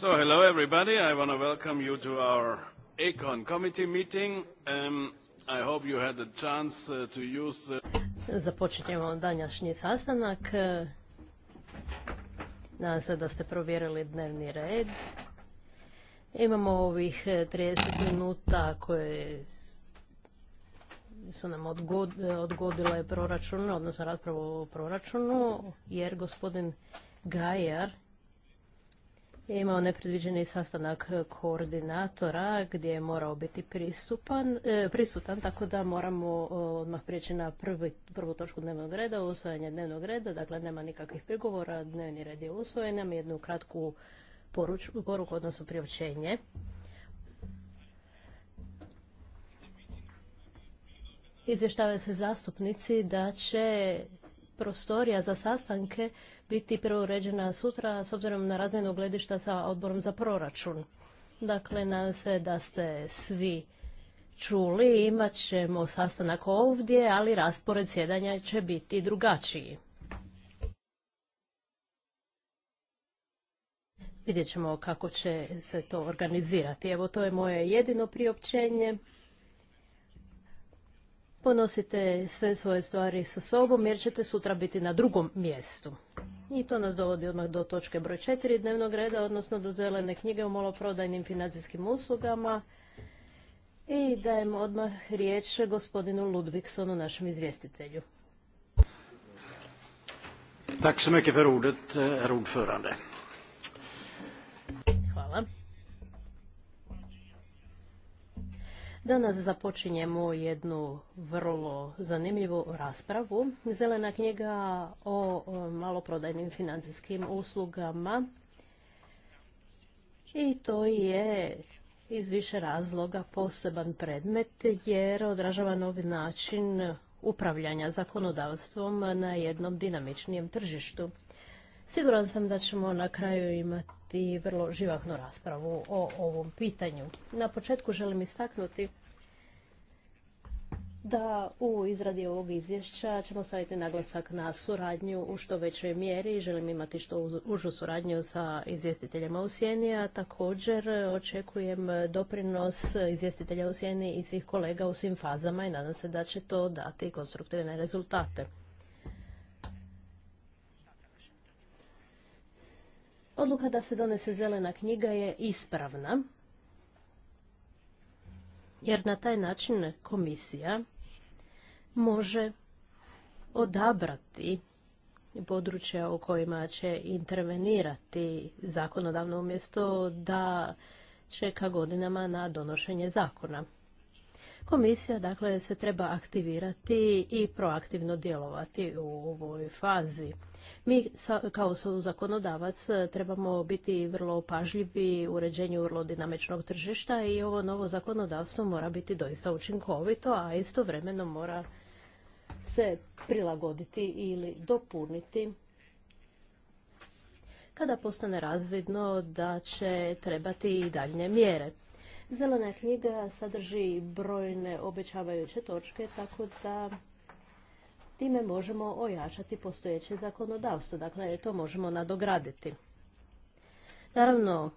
So, hello everybody. I want to welcome you to our Econ Committee meeting. Um, I hope you had the chance uh, to use... Uh... Započinjemo današnji sastanak. Nadam se da ste provjerili dnevni red. Imamo ovih 30 e, minuta koje su nam odgodile proračun, odnosno raspravu o proračunu, jer gospodin Gajar je imao nepredviđeni sastanak koordinatora gdje je morao biti pristupan, e, prisutan, tako da moramo e, odmah prijeći na prvi, prvu točku dnevnog reda, usvajanje dnevnog reda, dakle nema nikakvih prigovora, dnevni red je usvojen, nam jednu kratku poruku, odnosno priopćenje. Izvještavaju se zastupnici da će prostorija za sastanke biti uređena sutra s obzirom na razmjenu gledišta sa odborom za proračun. Dakle, nadam se da ste svi čuli, imat ćemo sastanak ovdje, ali raspored sjedanja će biti drugačiji. Vidjet ćemo kako će se to organizirati. Evo, to je moje jedino priopćenje. Ponosite sve svoje stvari sa sobom jer ćete sutra biti na drugom mjestu. I to nas dovodi odmah do točke broj četiri dnevnog reda, odnosno do zelene knjige o maloprodajnim financijskim uslugama. I dajem odmah riječ gospodinu Ludvigsonu, našem izvjestitelju. Tack så mycket för ordet, eh, ordförande. Danas započinjemo jednu vrlo zanimljivu raspravu. Zelena knjiga o maloprodajnim financijskim uslugama. I to je iz više razloga poseban predmet jer odražava novi način upravljanja zakonodavstvom na jednom dinamičnijem tržištu. Siguran sam da ćemo na kraju imati vrlo živahnu raspravu o ovom pitanju. Na početku želim istaknuti da u izradi ovog izvješća ćemo staviti naglasak na suradnju u što većoj mjeri. Želim imati što užu suradnju sa izvjestiteljima u Sjeni, a također očekujem doprinos izvjestitelja u Sjeni i svih kolega u svim fazama i nadam se da će to dati konstruktivne rezultate. Odluka da se donese zelena knjiga je ispravna, jer na taj način komisija može odabrati područja u kojima će intervenirati zakonodavno umjesto da čeka godinama na donošenje zakona. Komisija dakle se treba aktivirati i proaktivno djelovati u ovoj fazi. Mi kao zakonodavac e, trebamo biti vrlo pažljivi u uređenju vrlo dinamičnog tržišta i ovo novo zakonodavstvo mora biti doista učinkovito, a istovremeno mora se prilagoditi ili dopuniti kada postane razvidno da će trebati i daljnje mjere. Zelena knjiga sadrži brojne obećavajuće točke, tako da time možemo ojačati postojeće zakonodavstvo. Dakle, to možemo nadograditi. Naravno,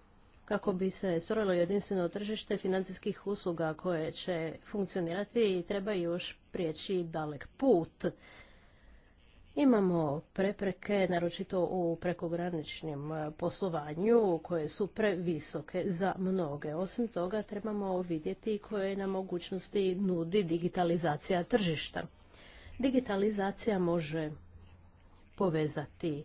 kako bi se stvorilo jedinstveno tržište financijskih usluga koje će funkcionirati i treba još prijeći dalek put. Imamo prepreke, naročito u prekograničnim poslovanju, koje su previsoke za mnoge. Osim toga, trebamo vidjeti koje nam mogućnosti nudi digitalizacija tržišta digitalizacija može povezati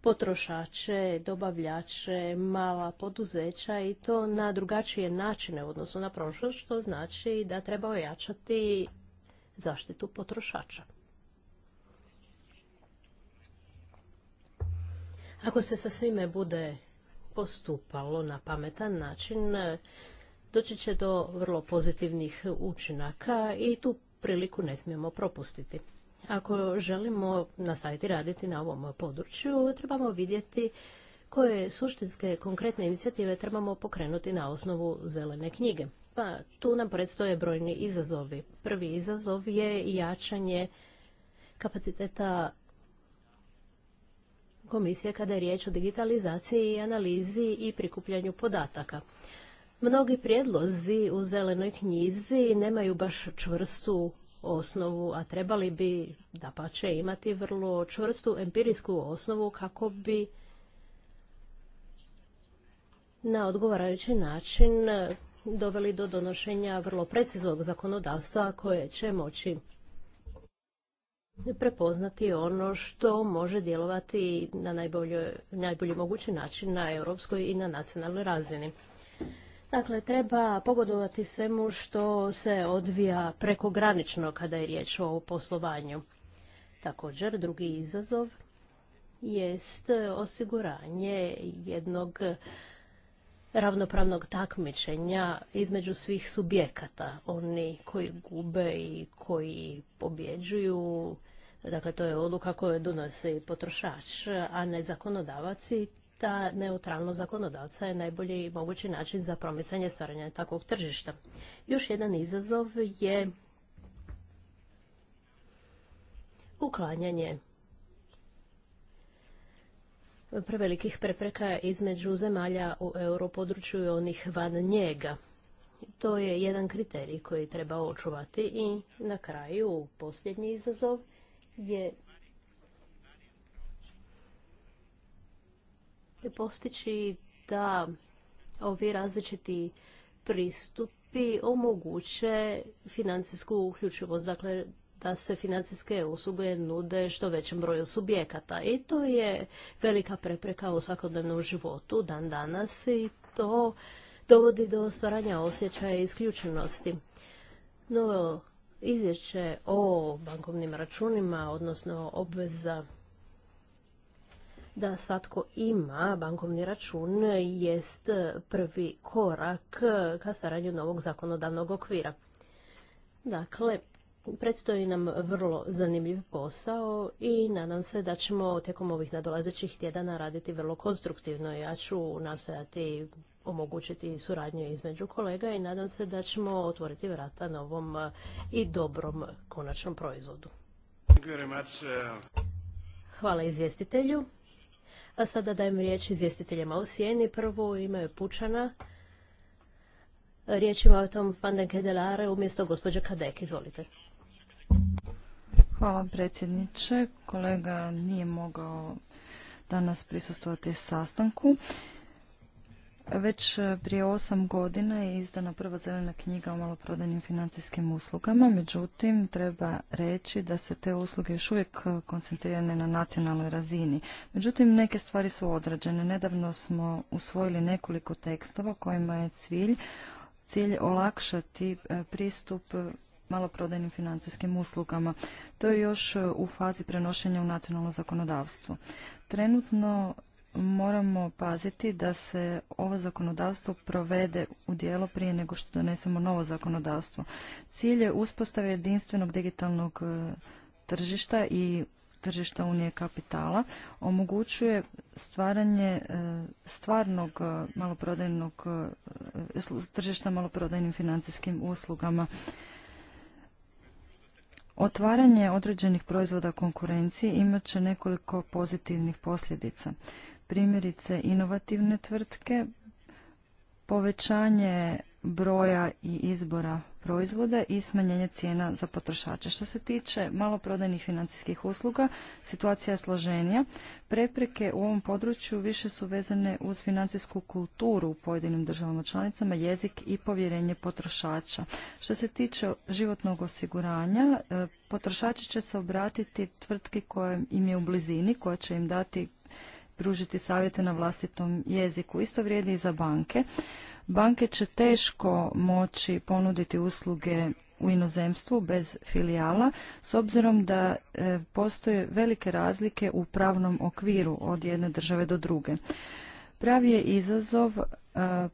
potrošače, dobavljače, mala poduzeća i to na drugačije načine odnosno na prošlost, što znači da treba ojačati zaštitu potrošača. Ako se sa svime bude postupalo na pametan način, doći će do vrlo pozitivnih učinaka i tu priliku ne smijemo propustiti. Ako želimo na sajti raditi na ovom području, trebamo vidjeti koje suštinske konkretne inicijative trebamo pokrenuti na osnovu zelene knjige. Pa tu nam predstoje brojni izazovi. Prvi izazov je jačanje kapaciteta komisije kada je riječ o digitalizaciji i analizi i prikupljanju podataka. Mnogi prijedlozi u zelenoj knjizi nemaju baš čvrstu osnovu, a trebali bi da pa će imati vrlo čvrstu empirijsku osnovu kako bi na odgovarajući način doveli do donošenja vrlo preciznog zakonodavstva koje će moći prepoznati ono što može djelovati na najbolji mogući način na europskoj i na nacionalnoj razini. Dakle, treba pogodovati svemu što se odvija prekogranično kada je riječ o poslovanju. Također, drugi izazov jest osiguranje jednog ravnopravnog takmičenja između svih subjekata. Oni koji gube i koji pobjeđuju, dakle to je odluka koju donosi potrošač, a ne zakonodavac i ta neutralnost zakonodavca je najbolji mogući način za promicanje stvaranja takvog tržišta. Još jedan izazov je uklanjanje prevelikih prepreka između zemalja u europodručju i onih van njega. To je jedan kriterij koji treba očuvati i na kraju posljednji izazov je postići da ovi različiti pristupi omoguće financijsku uključivost, dakle da se financijske usluge nude što većem broju subjekata. I to je velika prepreka u svakodnevnom životu dan danas i to dovodi do stvaranja osjećaja isključenosti. No, izvješće o bankovnim računima, odnosno obveza da svatko ima bankovni račun jest prvi korak ka stvaranju novog zakonodavnog okvira. Dakle, predstoji nam vrlo zanimljiv posao i nadam se da ćemo tijekom ovih nadolazećih tjedana raditi vrlo konstruktivno. Ja ću nastojati omogućiti suradnju između kolega i nadam se da ćemo otvoriti vrata novom i dobrom konačnom proizvodu. Uh, Hvala izvjestitelju. A sada dajem riječ izvjestiteljima u sjeni. Prvo ime Pučana. Riječ ima o tom van umjesto gospođe Kadek. Izvolite. Hvala predsjedniče. Kolega nije mogao danas prisustovati sastanku. Već e, prije osam godina je izdana prva zelena knjiga o maloprodajnim financijskim uslugama, međutim treba reći da se te usluge još uvijek e, koncentrirane na nacionalnoj razini. Međutim, neke stvari su odrađene. Nedavno smo usvojili nekoliko tekstova kojima je cilj, cilj olakšati e, pristup maloprodajnim financijskim uslugama. To je još u fazi prenošenja u nacionalno zakonodavstvo. Trenutno moramo paziti da se ovo zakonodavstvo provede u dijelo prije nego što donesemo novo zakonodavstvo. Cilj je uspostave jedinstvenog digitalnog e, tržišta i tržišta unije kapitala omogućuje stvaranje e, stvarnog e, maloprodajnog tržišta maloprodajnim financijskim uslugama. Otvaranje određenih proizvoda konkurenciji imat će nekoliko pozitivnih posljedica primjerice inovativne tvrtke, povećanje broja i izbora proizvoda i smanjenje cijena za potrošače. Što se tiče maloprodajnih financijskih usluga, situacija je složenija. Prepreke u ovom području više su vezane uz financijsku kulturu u pojedinim državama članicama, jezik i povjerenje potrošača. Što se tiče životnog osiguranja, e, potrošači će se obratiti tvrtki koja im je u blizini, koja će im dati pružiti savjete na vlastitom jeziku. Isto vrijedi i za banke. Banke će teško moći ponuditi usluge u inozemstvu bez filijala s obzirom da e, postoje velike razlike u pravnom okviru od jedne države do druge. Pravi je izazov e,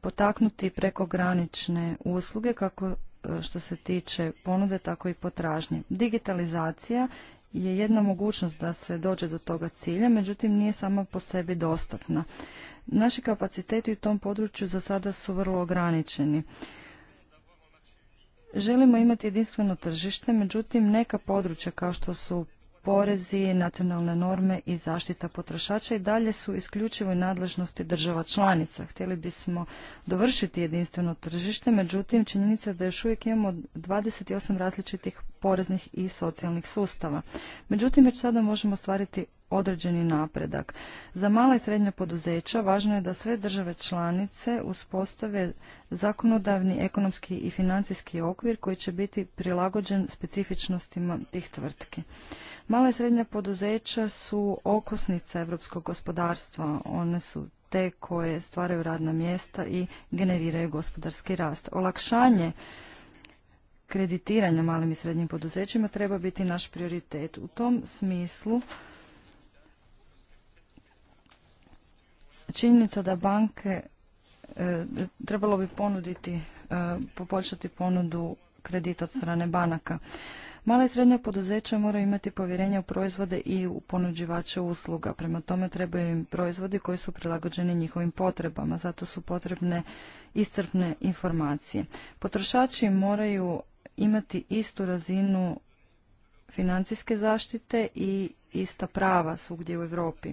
potaknuti prekogranične usluge kako e, što se tiče ponude, tako i potražnje. Digitalizacija je jedna mogućnost da se dođe do toga cilja, međutim nije sama po sebi dostatna. Naši kapaciteti u tom području za sada su vrlo ograničeni. Želimo imati jedinstveno tržište, međutim neka područja kao što su porezi, nacionalne norme i zaštita potrošača i dalje su isključivo i nadležnosti država članica. Htjeli bismo dovršiti jedinstveno tržište, međutim činjenica je da još uvijek imamo 28 različitih poreznih i socijalnih sustava. Međutim, već sada možemo stvariti određeni napredak. Za mala i srednja poduzeća važno je da sve države članice uspostave zakonodavni, ekonomski i financijski okvir koji će biti prilagođen specifičnostima tih tvrtki. Mala i srednja poduzeća su okosnica europskog gospodarstva. One su te koje stvaraju radna mjesta i generiraju gospodarski rast. Olakšanje kreditiranja malim i srednjim poduzećima treba biti naš prioritet. U tom smislu činjenica da banke e, trebalo bi ponuditi, e, poboljšati ponudu kredita od strane banaka. Mala i srednja poduzeća moraju imati povjerenje u proizvode i u ponuđivače usluga. Prema tome trebaju im proizvodi koji su prilagođeni njihovim potrebama. Zato su potrebne iscrpne informacije. Potrošači moraju imati istu razinu financijske zaštite i ista prava svugdje u Europi.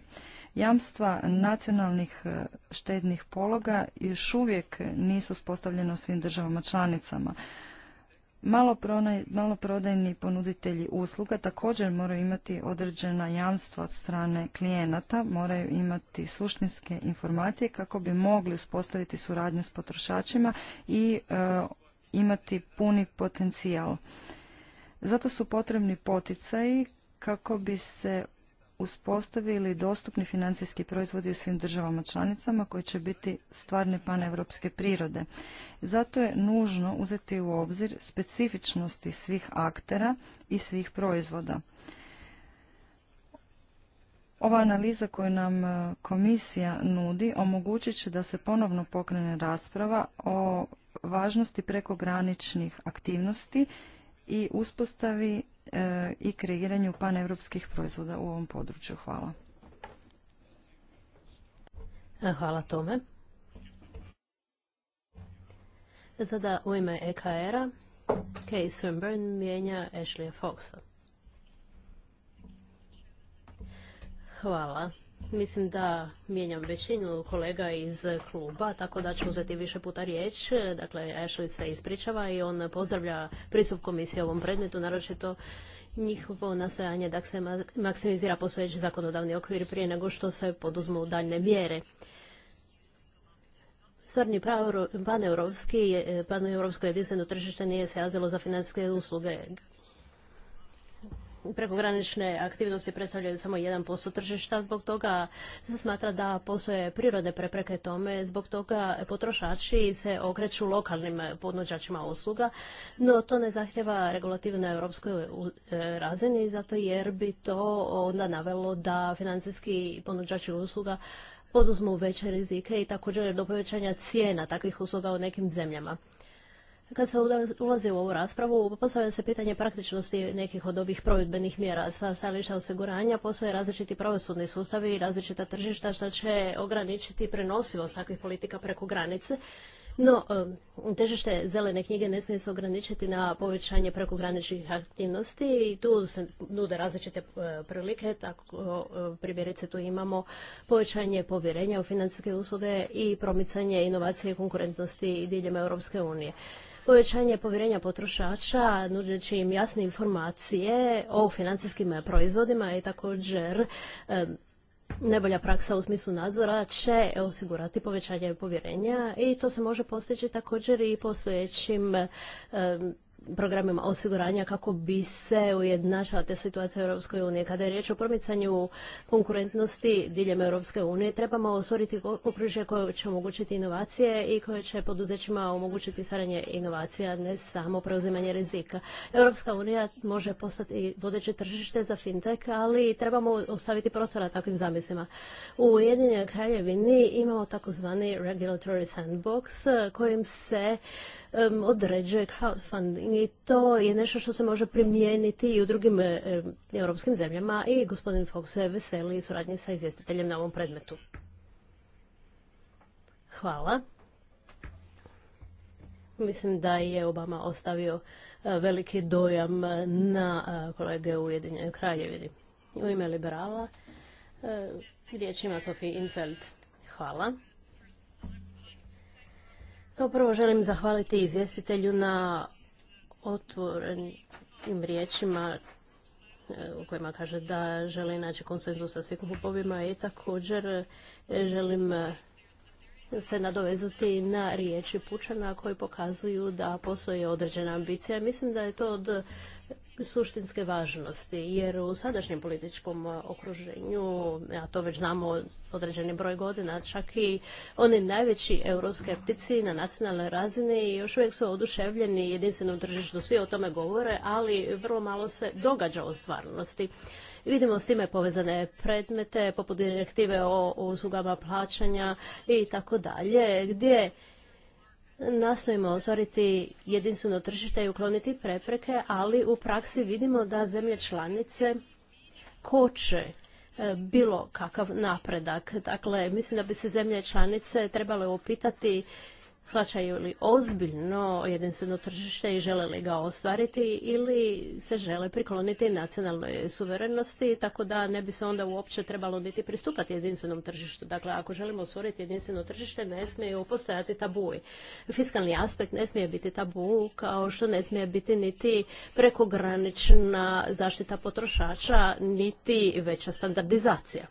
Jamstva nacionalnih e, štednih pologa još uvijek nisu uspostavljena u svim državama članicama. Maloprodajni ponuditelji usluga također moraju imati određena jamstva od strane klijenata, moraju imati suštinske informacije kako bi mogli uspostaviti suradnju s potrošačima i e, imati puni potencijal. Zato su potrebni poticaji kako bi se uspostavili dostupni financijski proizvodi u svim državama članicama koji će biti stvarne paneuropske prirode. Zato je nužno uzeti u obzir specifičnosti svih aktera i svih proizvoda. Ova analiza koju nam e, komisija nudi omogućit će da se ponovno pokrene rasprava o važnosti prekograničnih aktivnosti i uspostavi E, i kreiranju paneuropskih proizvoda u ovom području. Hvala. E, hvala tome. Sada u ime EKR-a Kay Swinburne mijenja Ashley Foxa. Hvala. Mislim da mijenjam većinu kolega iz kluba, tako da ću uzeti više puta riječ. Dakle, Ashley se ispričava i on pozdravlja pristup komisije ovom predmetu, naročito njihovo nastojanje da se maksimizira posveći zakonodavni okvir prije nego što se poduzmu daljne mjere. Stvarni paneuropski, paneuropsko jedinstveno tržište nije se za financijske usluge prekogranične aktivnosti predstavljaju samo 1% tržišta, zbog toga se smatra da postoje prirodne prepreke tome, zbog toga potrošači se okreću lokalnim ponuđačima usluga, no to ne zahtjeva regulativu na europskoj e, razini, zato jer bi to onda navelo da financijski ponuđači usluga poduzmu veće rizike i također do povećanja cijena takvih usluga u nekim zemljama. Kad se ulazi u ovu raspravu, postavlja se pitanje praktičnosti nekih od ovih provedbenih mjera. Sa stajališta osiguranja postoje različiti pravosudni sustavi i različita tržišta što će ograničiti prenosivost takvih politika preko granice. No, težište zelene knjige ne smije se ograničiti na povećanje prekograničnih aktivnosti i tu se nude različite e, prilike, tako primjerice tu imamo povećanje povjerenja u financijske usluge i promicanje inovacije i konkurentnosti diljem Europske unije povećanje povjerenja potrošača, nuđeći im jasne informacije o financijskim proizvodima i također Nebolja praksa u smislu nadzora će osigurati povećanje povjerenja i to se može postići također i postojećim programima osiguranja kako bi se ujednačila te situacija u Europskoj uniji. Kada je riječ o promicanju konkurentnosti diljem Europske unije, trebamo osvoriti okružje koje će omogućiti inovacije i koje će poduzećima omogućiti stvaranje inovacija, ne samo preuzimanje rizika. Europska unija može postati vodeće tržište za fintech, ali trebamo ostaviti prostora takvim zamislima. U Ujedinjenoj kraljevini imamo takozvani regulatory sandbox kojim se određuje crowdfunding i to je nešto što se može primijeniti i u drugim europskim zemljama i gospodin Fox je veseli suradnje sa izvjestiteljem na ovom predmetu. Hvala. Mislim da je Obama ostavio e, veliki dojam na e, kolege u Ujedinjenoj kraljevini. U ime liberala e, riječ ima Sofie Infeld. Hvala. Kao prvo želim zahvaliti izvjestitelju na otvorenim riječima e, u kojima kaže da želi naći konsenzus sa svim klubovima i također e, želim e, se nadovezati na riječi Pučana koji pokazuju da postoji određena ambicija. Mislim da je to od suštinske važnosti, jer u sadašnjem političkom okruženju, a to već znamo određeni broj godina, čak i oni najveći euroskeptici na nacionalnoj razini još uvijek su oduševljeni jedinstvenom tržištu, svi o tome govore, ali vrlo malo se događa u stvarnosti. Vidimo s time povezane predmete poput direktive o uslugama plaćanja i tako dalje, gdje nastojimo ostvariti jedinstveno tržište i ukloniti prepreke, ali u praksi vidimo da zemlje članice koče e, bilo kakav napredak. Dakle, mislim da bi se zemlje članice trebale upitati shvaćaju li ozbiljno jedinstveno tržište i žele li ga ostvariti ili se žele prikloniti nacionalnoj suverenosti, tako da ne bi se onda uopće trebalo niti pristupati jedinstvenom tržištu. Dakle, ako želimo stvoriti jedinstveno tržište, ne smije postojati tabuji. Fiskalni aspekt ne smije biti tabu, kao što ne smije biti niti prekogranična zaštita potrošača, niti veća standardizacija.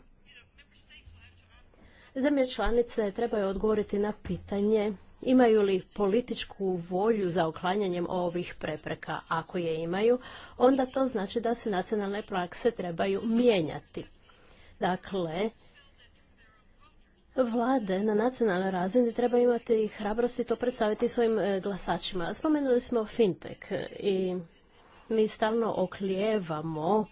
Zemlje članice trebaju odgovoriti na pitanje Imaju li političku volju za uklanjanjem ovih prepreka? Ako je imaju, onda to znači da se nacionalne prakse trebaju mijenjati. Dakle, Vlade na nacionalnoj razini treba imati hrabrosti to predstaviti svojim e, glasačima. Spomenuli smo fintech i mi stalno oklijevamo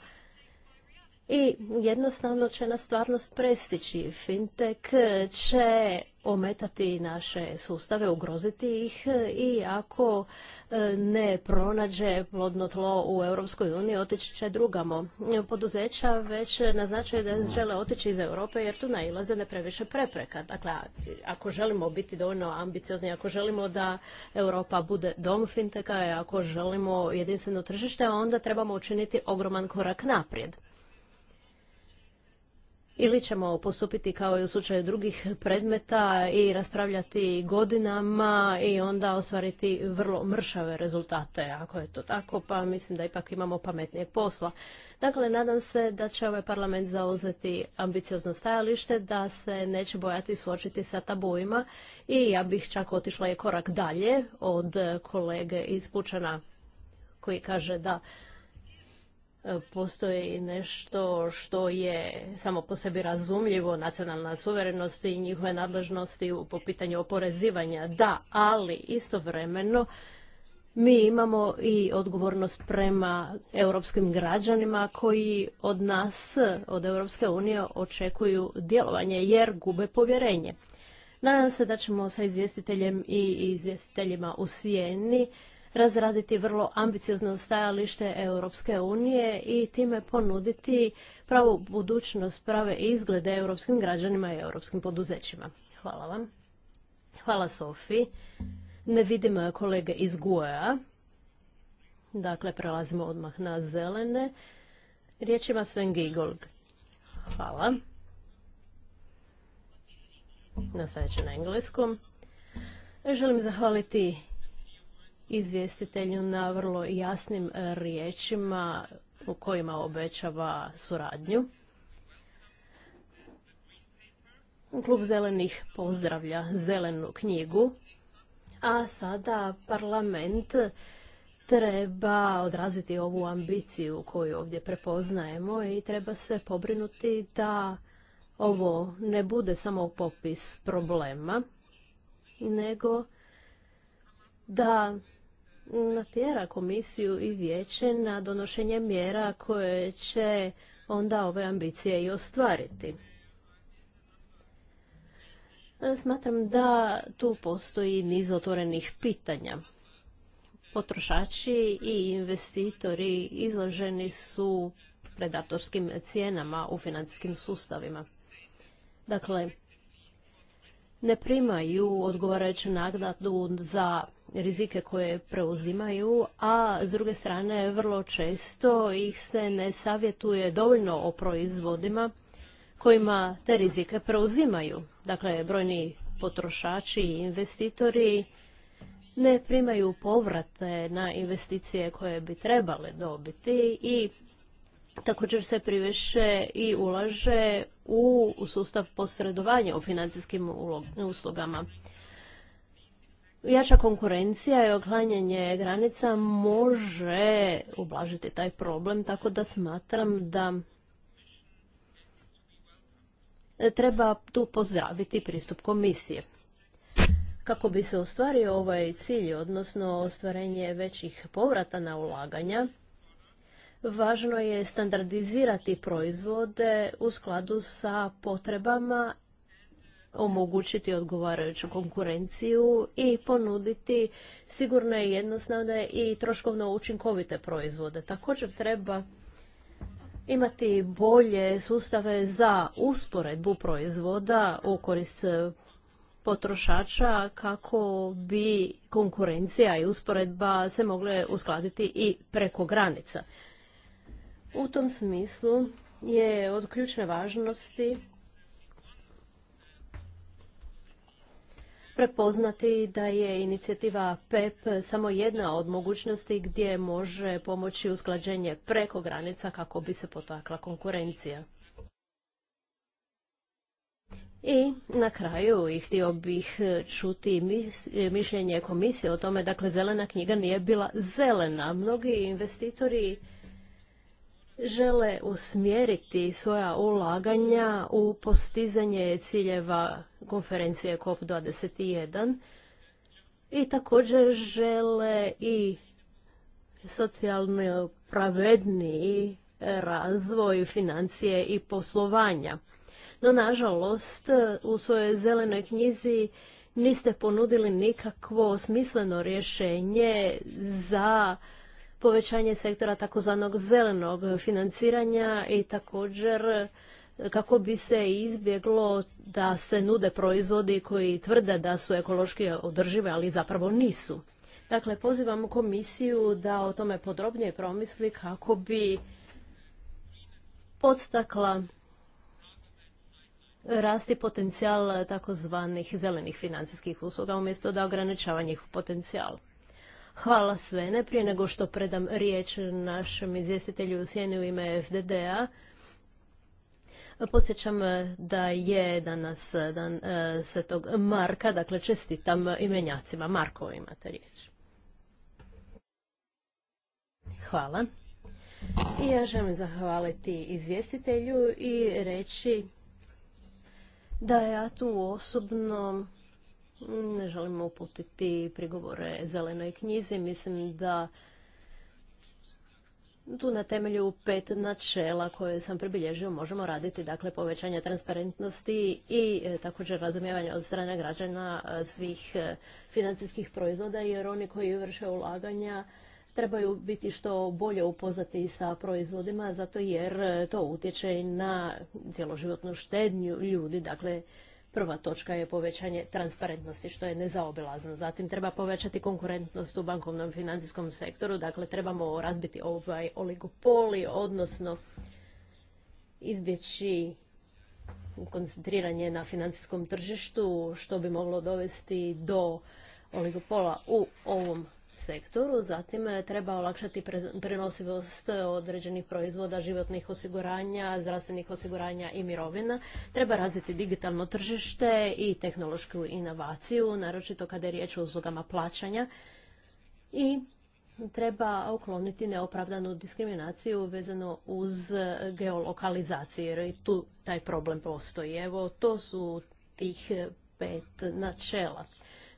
i jednostavno će nas stvarnost prestići. Fintech e, će ometati naše sustave, ugroziti ih e, i ako e, ne pronađe plodno tlo u Europskoj uniji, otići će drugamo. Poduzeća već naznačuje da žele otići iz Europe jer tu nailaze ne previše prepreka. Dakle, ako želimo biti dovoljno ambiciozni, ako želimo da Europa bude dom finteka, ako želimo jedinstveno tržište, onda trebamo učiniti ogroman korak naprijed. Ili ćemo postupiti kao i u slučaju drugih predmeta i raspravljati godinama i onda ostvariti vrlo mršave rezultate. Ako je to tako, pa mislim da ipak imamo pametnijeg posla. Dakle, nadam se da će ovaj parlament zauzeti ambiciozno stajalište, da se neće bojati suočiti sa tabuima i ja bih čak otišla je korak dalje od kolege iz Pučana koji kaže da postoji nešto što je samo po sebi razumljivo, nacionalna suverenost i njihove nadležnosti po pitanju oporezivanja. Da, ali istovremeno mi imamo i odgovornost prema europskim građanima koji od nas, od Europske unije, očekuju djelovanje jer gube povjerenje. Nadam se da ćemo sa izvjestiteljem i izvjestiteljima u Sijeni razraditi vrlo ambiciozno stajalište Europske unije i time ponuditi pravu budućnost, prave izglede europskim građanima i europskim poduzećima. Hvala vam. Hvala Sofi. Ne vidimo kolege iz gue Dakle, prelazimo odmah na zelene. Riječ ima Sven Gigolg. Hvala. Na na engleskom. Želim zahvaliti izvjestitelju na vrlo jasnim e, riječima u kojima obećava suradnju. Klub zelenih pozdravlja zelenu knjigu, a sada parlament treba odraziti ovu ambiciju koju ovdje prepoznajemo i treba se pobrinuti da ovo ne bude samo popis problema, nego da natjera komisiju i vijeće na donošenje mjera koje će onda ove ambicije i ostvariti. Smatram da tu postoji niz otvorenih pitanja. Potrošači i investitori izloženi su predatorskim cijenama u financijskim sustavima. Dakle, ne primaju odgovarajuću naknadu za rizike koje preuzimaju, a s druge strane vrlo često ih se ne savjetuje dovoljno o proizvodima kojima te rizike preuzimaju. Dakle, brojni potrošači i investitori ne primaju povrate na investicije koje bi trebale dobiti i Također se priveše i ulaže u sustav posredovanja u financijskim uslugama. Jača konkurencija i oklanjanje granica može ublažiti taj problem, tako da smatram da treba tu pozdraviti pristup komisije. Kako bi se ostvario ovaj cilj, odnosno ostvarenje većih povrata na ulaganja, Važno je standardizirati proizvode u skladu sa potrebama, omogućiti odgovarajuću konkurenciju i ponuditi sigurne i jednostavne i troškovno učinkovite proizvode. Također treba imati bolje sustave za usporedbu proizvoda u korist potrošača kako bi konkurencija i usporedba se mogle uskladiti i preko granica. U tom smislu je od ključne važnosti prepoznati da je inicijativa PEP samo jedna od mogućnosti gdje može pomoći usklađenje preko granica kako bi se potakla konkurencija. I na kraju htio bih čuti mišljenje komisije o tome, dakle zelena knjiga nije bila zelena. Mnogi investitori žele usmjeriti svoja ulaganja u postizanje ciljeva konferencije COP21 i također žele i socijalno pravedniji razvoj financije i poslovanja. No, nažalost, u svojoj zelenoj knjizi niste ponudili nikakvo smisleno rješenje za povećanje sektora takozvanog zelenog financiranja i također kako bi se izbjeglo da se nude proizvodi koji tvrde da su ekološki održive, ali zapravo nisu. Dakle, pozivam komisiju da o tome podrobnije promisli kako bi podstakla rasti potencijal takozvanih zelenih financijskih usluga umjesto da ograničava njihov potencijal. Hvala ne Prije nego što predam riječ našem izvjestitelju u sjeni u ime FDD-a, Posjećam da je danas dan e, svetog Marka, dakle čestitam imenjacima. Marko, imate riječ. Hvala. I ja želim zahvaliti izvjestitelju i reći da ja tu osobno ne želimo uputiti prigovore zelenoj knjizi. Mislim da tu na temelju pet načela koje sam pribilježio možemo raditi, dakle povećanje transparentnosti i e, također razumijevanje od strane građana e, svih e, financijskih proizvoda, jer oni koji vrše ulaganja trebaju biti što bolje upoznati sa proizvodima, zato jer to utječe i na cjeloživotnu štednju ljudi, dakle Prva točka je povećanje transparentnosti, što je nezaobilazno. Zatim treba povećati konkurentnost u bankovnom financijskom sektoru. Dakle, trebamo razbiti ovaj oligopoli, odnosno izbjeći koncentriranje na financijskom tržištu, što bi moglo dovesti do oligopola u ovom sektoru, zatim e, treba olakšati prenosivost određenih proizvoda, životnih osiguranja, zdravstvenih osiguranja i mirovina, treba razviti digitalno tržište i tehnološku inovaciju, naročito kada je riječ o uslugama plaćanja i treba ukloniti neopravdanu diskriminaciju vezano uz geolokalizaciju, jer i tu taj problem postoji. Evo, to su tih pet načela.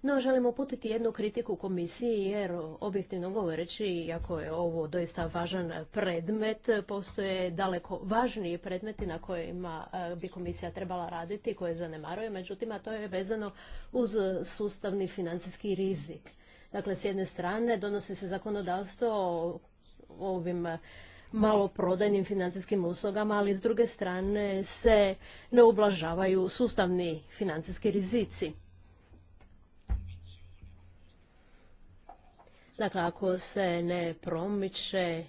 No, želimo uputiti jednu kritiku komisiji jer objektivno govoreći, iako je ovo doista važan predmet, postoje daleko važniji predmeti na kojima e, bi komisija trebala raditi, koje zanemaruje, međutim, a to je vezano uz sustavni financijski rizik. Dakle, s jedne strane donosi se zakonodavstvo o ovim e, maloprodajnim financijskim uslugama, ali s druge strane se ne ublažavaju sustavni financijski rizici. Dakle, ako se ne promiče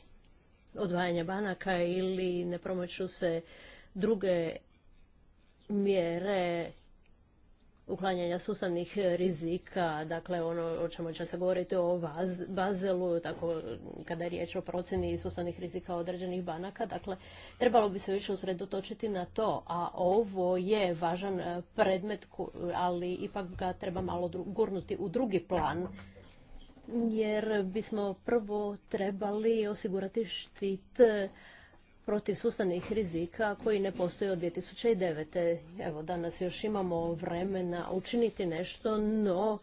odvajanje banaka ili ne promiču se druge mjere uklanjanja sustavnih rizika, dakle ono o čemu će se govoriti o Bazelu, tako kada je riječ o procjeni sustavnih rizika određenih banaka, dakle trebalo bi se više usredotočiti na to, a ovo je važan predmet, ali ipak ga treba malo gurnuti u drugi plan jer bismo prvo trebali osigurati štit eh, protiv sustavnih rizika koji ne postoje od 2009. Evo, danas još imamo vremena učiniti nešto, no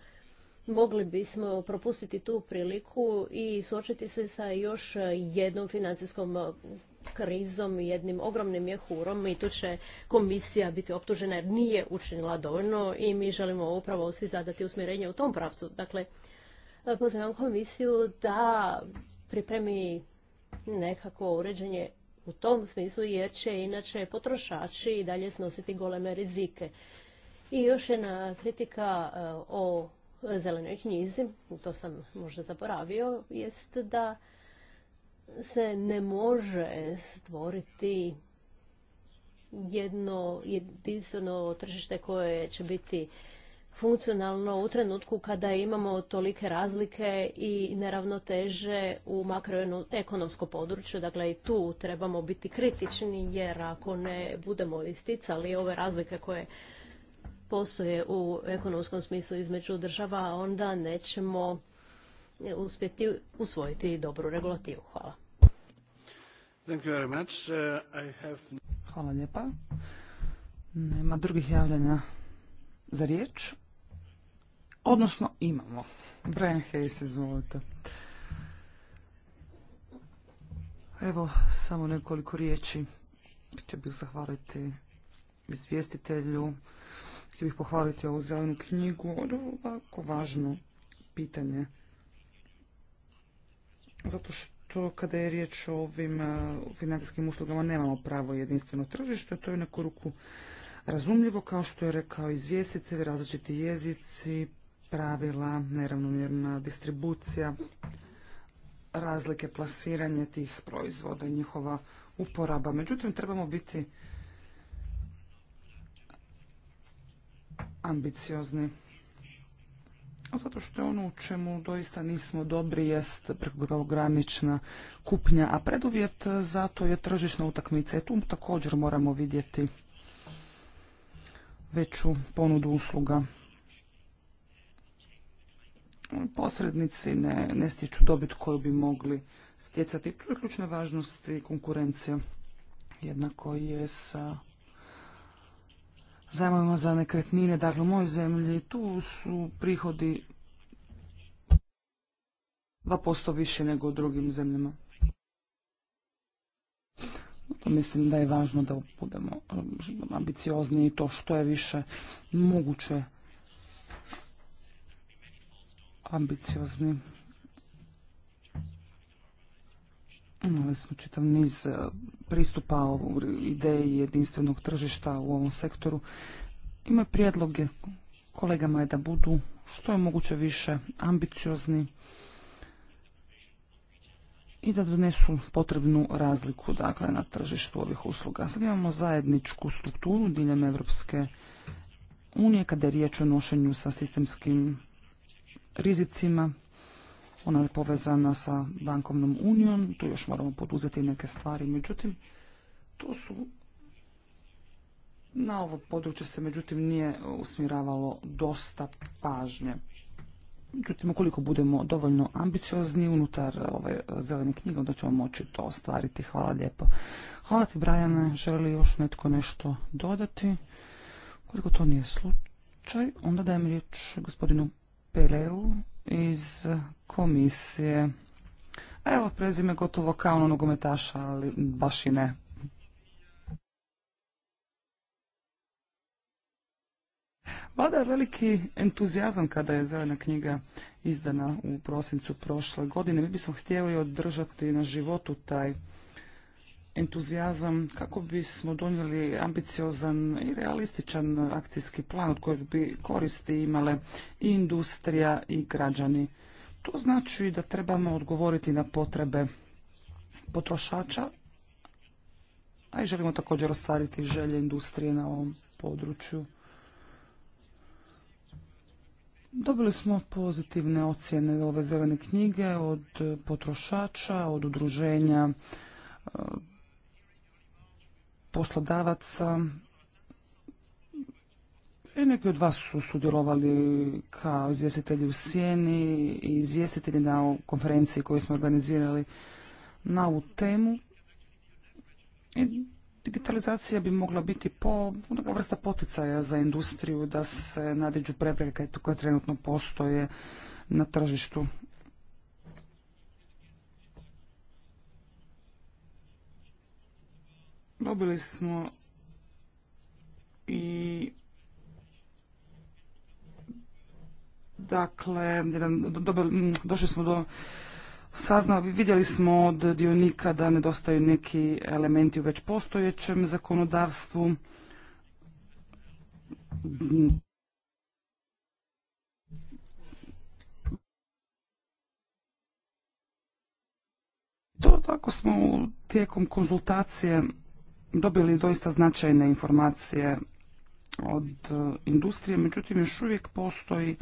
mogli bismo propustiti tu priliku i suočiti se sa još jednom financijskom krizom, jednim ogromnim jehurom i tu će komisija biti optužena jer nije učinila dovoljno i mi želimo upravo svi zadati usmjerenje u tom pravcu. Dakle, E, pozivam komisiju da pripremi nekako uređenje u tom smislu jer će inače potrošači i dalje snositi goleme rizike. I još jedna kritika e, o zelenoj knjizi, to sam možda zaboravio, jest da se ne može stvoriti jedno jedinstveno tržište koje će biti funkcionalno u trenutku kada imamo tolike razlike i neravnoteže u makroekonomskom području. Dakle, i tu trebamo biti kritični jer ako ne budemo isticali ove razlike koje postoje u ekonomskom smislu između država, onda nećemo uspjeti usvojiti dobru regulativu. Hvala. Thank you very much. Uh, Hvala lijepa. Nema drugih javljanja za riječ? Odnosno imamo. Brian Hayes, izvolite. Evo, samo nekoliko riječi. Htio bih zahvaliti izvjestitelju. Htio bih pohvaliti ovu zelenu knjigu. Ovo je ovako važno pitanje. Zato što kada je riječ o ovim eh, financijskim uslugama nemamo pravo jedinstveno tržište, to je na ruku razumljivo, kao što je rekao izvjestitelj, različiti jezici, pravila, neravnomjerna distribucija, razlike plasiranje tih proizvoda i njihova uporaba. Međutim, trebamo biti ambiciozni. Zato što je ono u čemu doista nismo dobri jest prekogranična kupnja, a preduvjet za to je tržišna utakmica. I tu također moramo vidjeti veću ponudu usluga. Posrednici ne, ne stječu dobit koju bi mogli stjecati. To ključne važnosti i konkurencija. Jednako je sa zajmovima za nekretnine. Dakle, u mojoj zemlji tu su prihodi 2% više nego u drugim zemljama. Mislim da je važno da budemo um, ambiciozni i to što je više moguće ambiciozni. Imali smo čitav niz uh, pristupa ideji jedinstvenog tržišta u ovom sektoru. Ima prijedloge kolegama je da budu što je moguće više ambiciozni i da donesu potrebnu razliku dakle, na tržištu ovih usluga. Sad imamo zajedničku strukturu diljem Evropske unije kada je riječ o nošenju sa sistemskim rizicima. Ona je povezana sa bankovnom unijom, tu još moramo poduzeti neke stvari, međutim, to su na ovo područje se međutim nije usmjeravalo dosta pažnje. Međutim, ukoliko budemo dovoljno ambiciozni unutar ove zelene knjige, onda ćemo moći to ostvariti. Hvala lijepo. Hvala ti, Brajane. Želi još netko nešto dodati? Koliko to nije slučaj, onda dajem riječ gospodinu Peleu iz komisije. Evo, prezime gotovo kao nogometaša, ali baš i ne. Vlada je veliki entuzijazam kada je zelena knjiga izdana u prosincu prošle godine. Mi bismo htjeli održati na životu taj entuzijazam kako bismo donijeli ambiciozan i realističan akcijski plan od kojeg bi koristi imale i industrija i građani. To znači da trebamo odgovoriti na potrebe potrošača, a i želimo također ostvariti želje industrije na ovom području. Dobili smo pozitivne ocjene ove zelene knjige od potrošača, od udruženja e, poslodavaca. I e, neki od vas su sudjelovali kao izvjestitelji u Sjeni i izvjestitelji na konferenciji koju smo organizirali na ovu temu. Digitalizacija bi mogla biti po neka vrsta poticaja za industriju da se nadiđu prepreke koje trenutno postoje na tržištu. Dobili smo i dakle, došli smo do saznao vidjeli smo od dionika da nedostaju neki elementi u već postojećem zakonodavstvu. To tako smo tijekom konzultacije dobili doista značajne informacije od e, industrije, međutim još uvijek postoji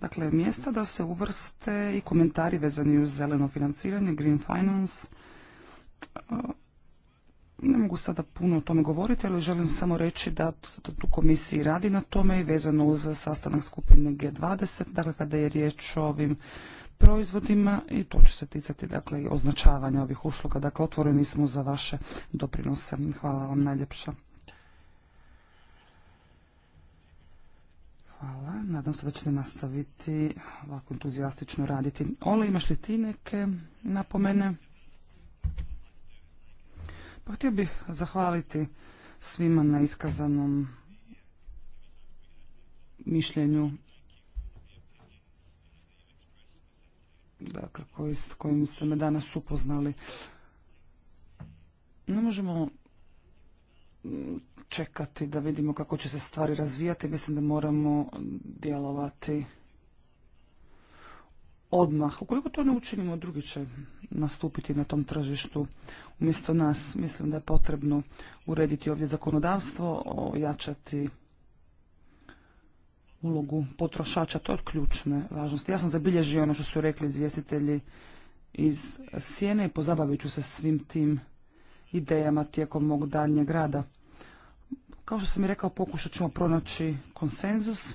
dakle, mjesta da se uvrste i komentari vezani uz zeleno financiranje, green finance. E, ne mogu sada puno o tome govoriti, ali želim samo reći da tu komisiji radi na tome i vezano uz sastanak skupine G20, dakle kada je riječ o ovim proizvodima i to će se ticati dakle, i označavanja ovih usluga. Dakle, otvoreni smo za vaše doprinose. Hvala vam najljepša. Hvala. Nadam se da ćete nastaviti ovako entuzijastično raditi. Ono imaš li ti neke napomene? Pa htio bih zahvaliti svima na iskazanom mišljenju dakle, s kojim ste me danas upoznali. Ne možemo čekati da vidimo kako će se stvari razvijati. Mislim da moramo djelovati odmah. Ukoliko to ne učinimo, drugi će nastupiti na tom tržištu umjesto nas. Mislim da je potrebno urediti ovdje zakonodavstvo, ojačati ulogu potrošača. To je od ključne važnosti. Ja sam zabilježio ono što su rekli izvjestitelji iz Sjene i pozabavit ću se svim tim idejama tijekom mog daljnjeg rada. Kao što sam i rekao, pokušat ćemo pronaći konsenzus.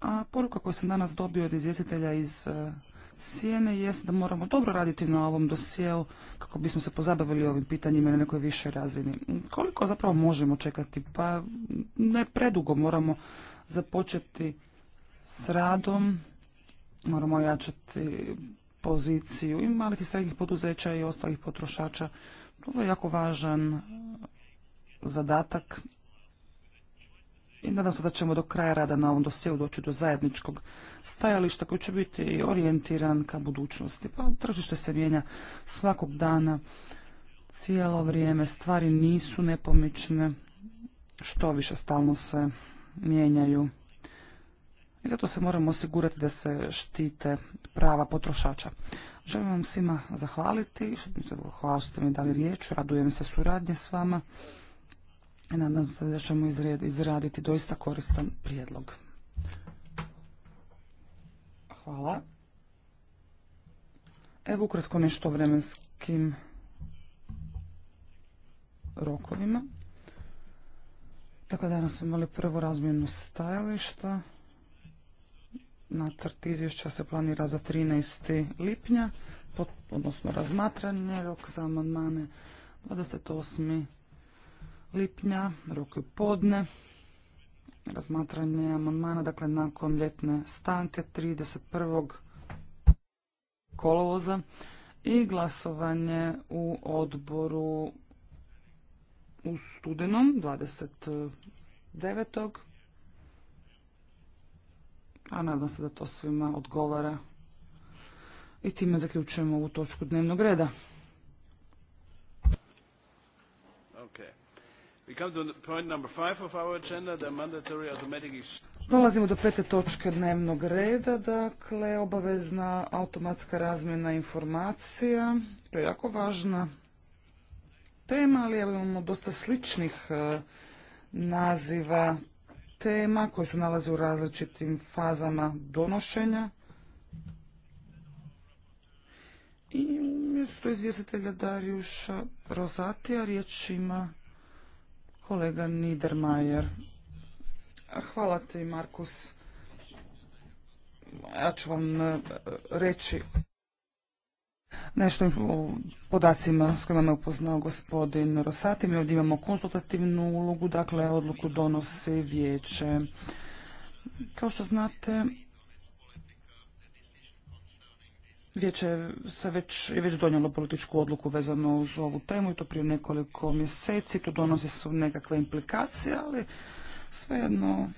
A poruka koju sam danas dobio od izvjestitelja iz e, Sijene jest da moramo dobro raditi na ovom dosijelu kako bismo se pozabavili ovim pitanjima na nekoj višoj razini. Koliko zapravo možemo čekati? Pa ne predugo moramo započeti s radom, moramo ojačati poziciju i malih i srednjih poduzeća i ostalih potrošača. to je jako važan zadatak i nadam se da ćemo do kraja rada na ovom dosjeu doći do zajedničkog stajališta koji će biti orijentiran ka budućnosti. Pa tržište se mijenja svakog dana, cijelo vrijeme, stvari nisu nepomične, što više stalno se mijenjaju. I zato se moramo osigurati da se štite prava potrošača. Želim vam svima zahvaliti, hvala što ste mi dali riječ, radujem se suradnje s vama. Nadam se da ćemo izraditi doista koristan prijedlog. Hvala. Evo ukratko nešto o vremenskim rokovima. Tako danas smo imali prvo razmjenu stajališta. Nacrt izvješća se planira za 13. lipnja, odnosno razmatranje, rok za amandmane 28 lipnja, rok podne, razmatranje amandmana, dakle nakon ljetne stanke 31. kolovoza i glasovanje u odboru u studenom 29. A nadam se da to svima odgovara. I time zaključujemo ovu točku dnevnog reda. Dolazimo do pete točke dnevnog reda, dakle obavezna automatska razmjena informacija. To je jako važna tema, ali imamo dosta sličnih e, naziva tema koje su nalaze u različitim fazama donošenja. I umjesto izvjestitelja Darjuša Rozatija riječ ima Kolega Niedermayer. Hvala ti, Markus. Ja ću vam e, reći nešto o podacima s kojima me upoznao gospodin Rosati. Mi ovdje imamo konsultativnu ulogu, dakle odluku donosi vijeće. Kao što znate, Vijeće se već, je već donijelo političku odluku vezano uz ovu temu i to prije nekoliko mjeseci. Tu donosi su nekakve implikacije, ali svejedno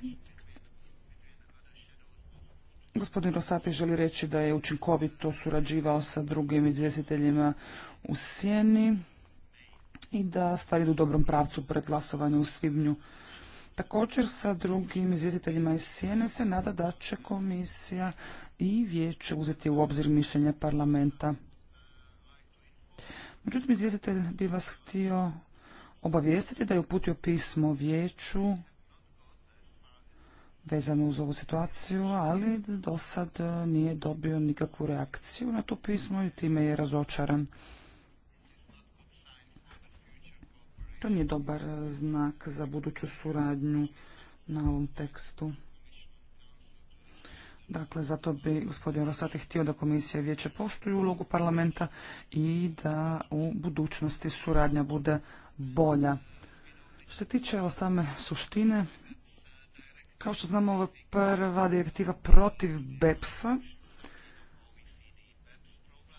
Gospodin Rosapi želi reći da je učinkovito surađivao sa drugim izvjestiteljima u Sjeni i da stvari u dobrom pravcu pred glasovanju u Svibnju. Također sa drugim izvjestiteljima iz Sjene se nada da će komisija i vijeće uzeti u obzir mišljenje parlamenta. Međutim, izvjestitelj bi vas htio obavijestiti da je uputio pismo vijeću vezano uz ovu situaciju, ali do sad e, nije dobio nikakvu reakciju na to pismo i time je razočaran. To nije dobar znak za buduću suradnju na ovom tekstu. Dakle, zato bi gospodin Rosati htio da komisija i vijeće poštuju ulogu parlamenta i da u budućnosti suradnja bude bolja. Što se tiče o same suštine, kao što znamo, ova prva direktiva protiv BEPS-a.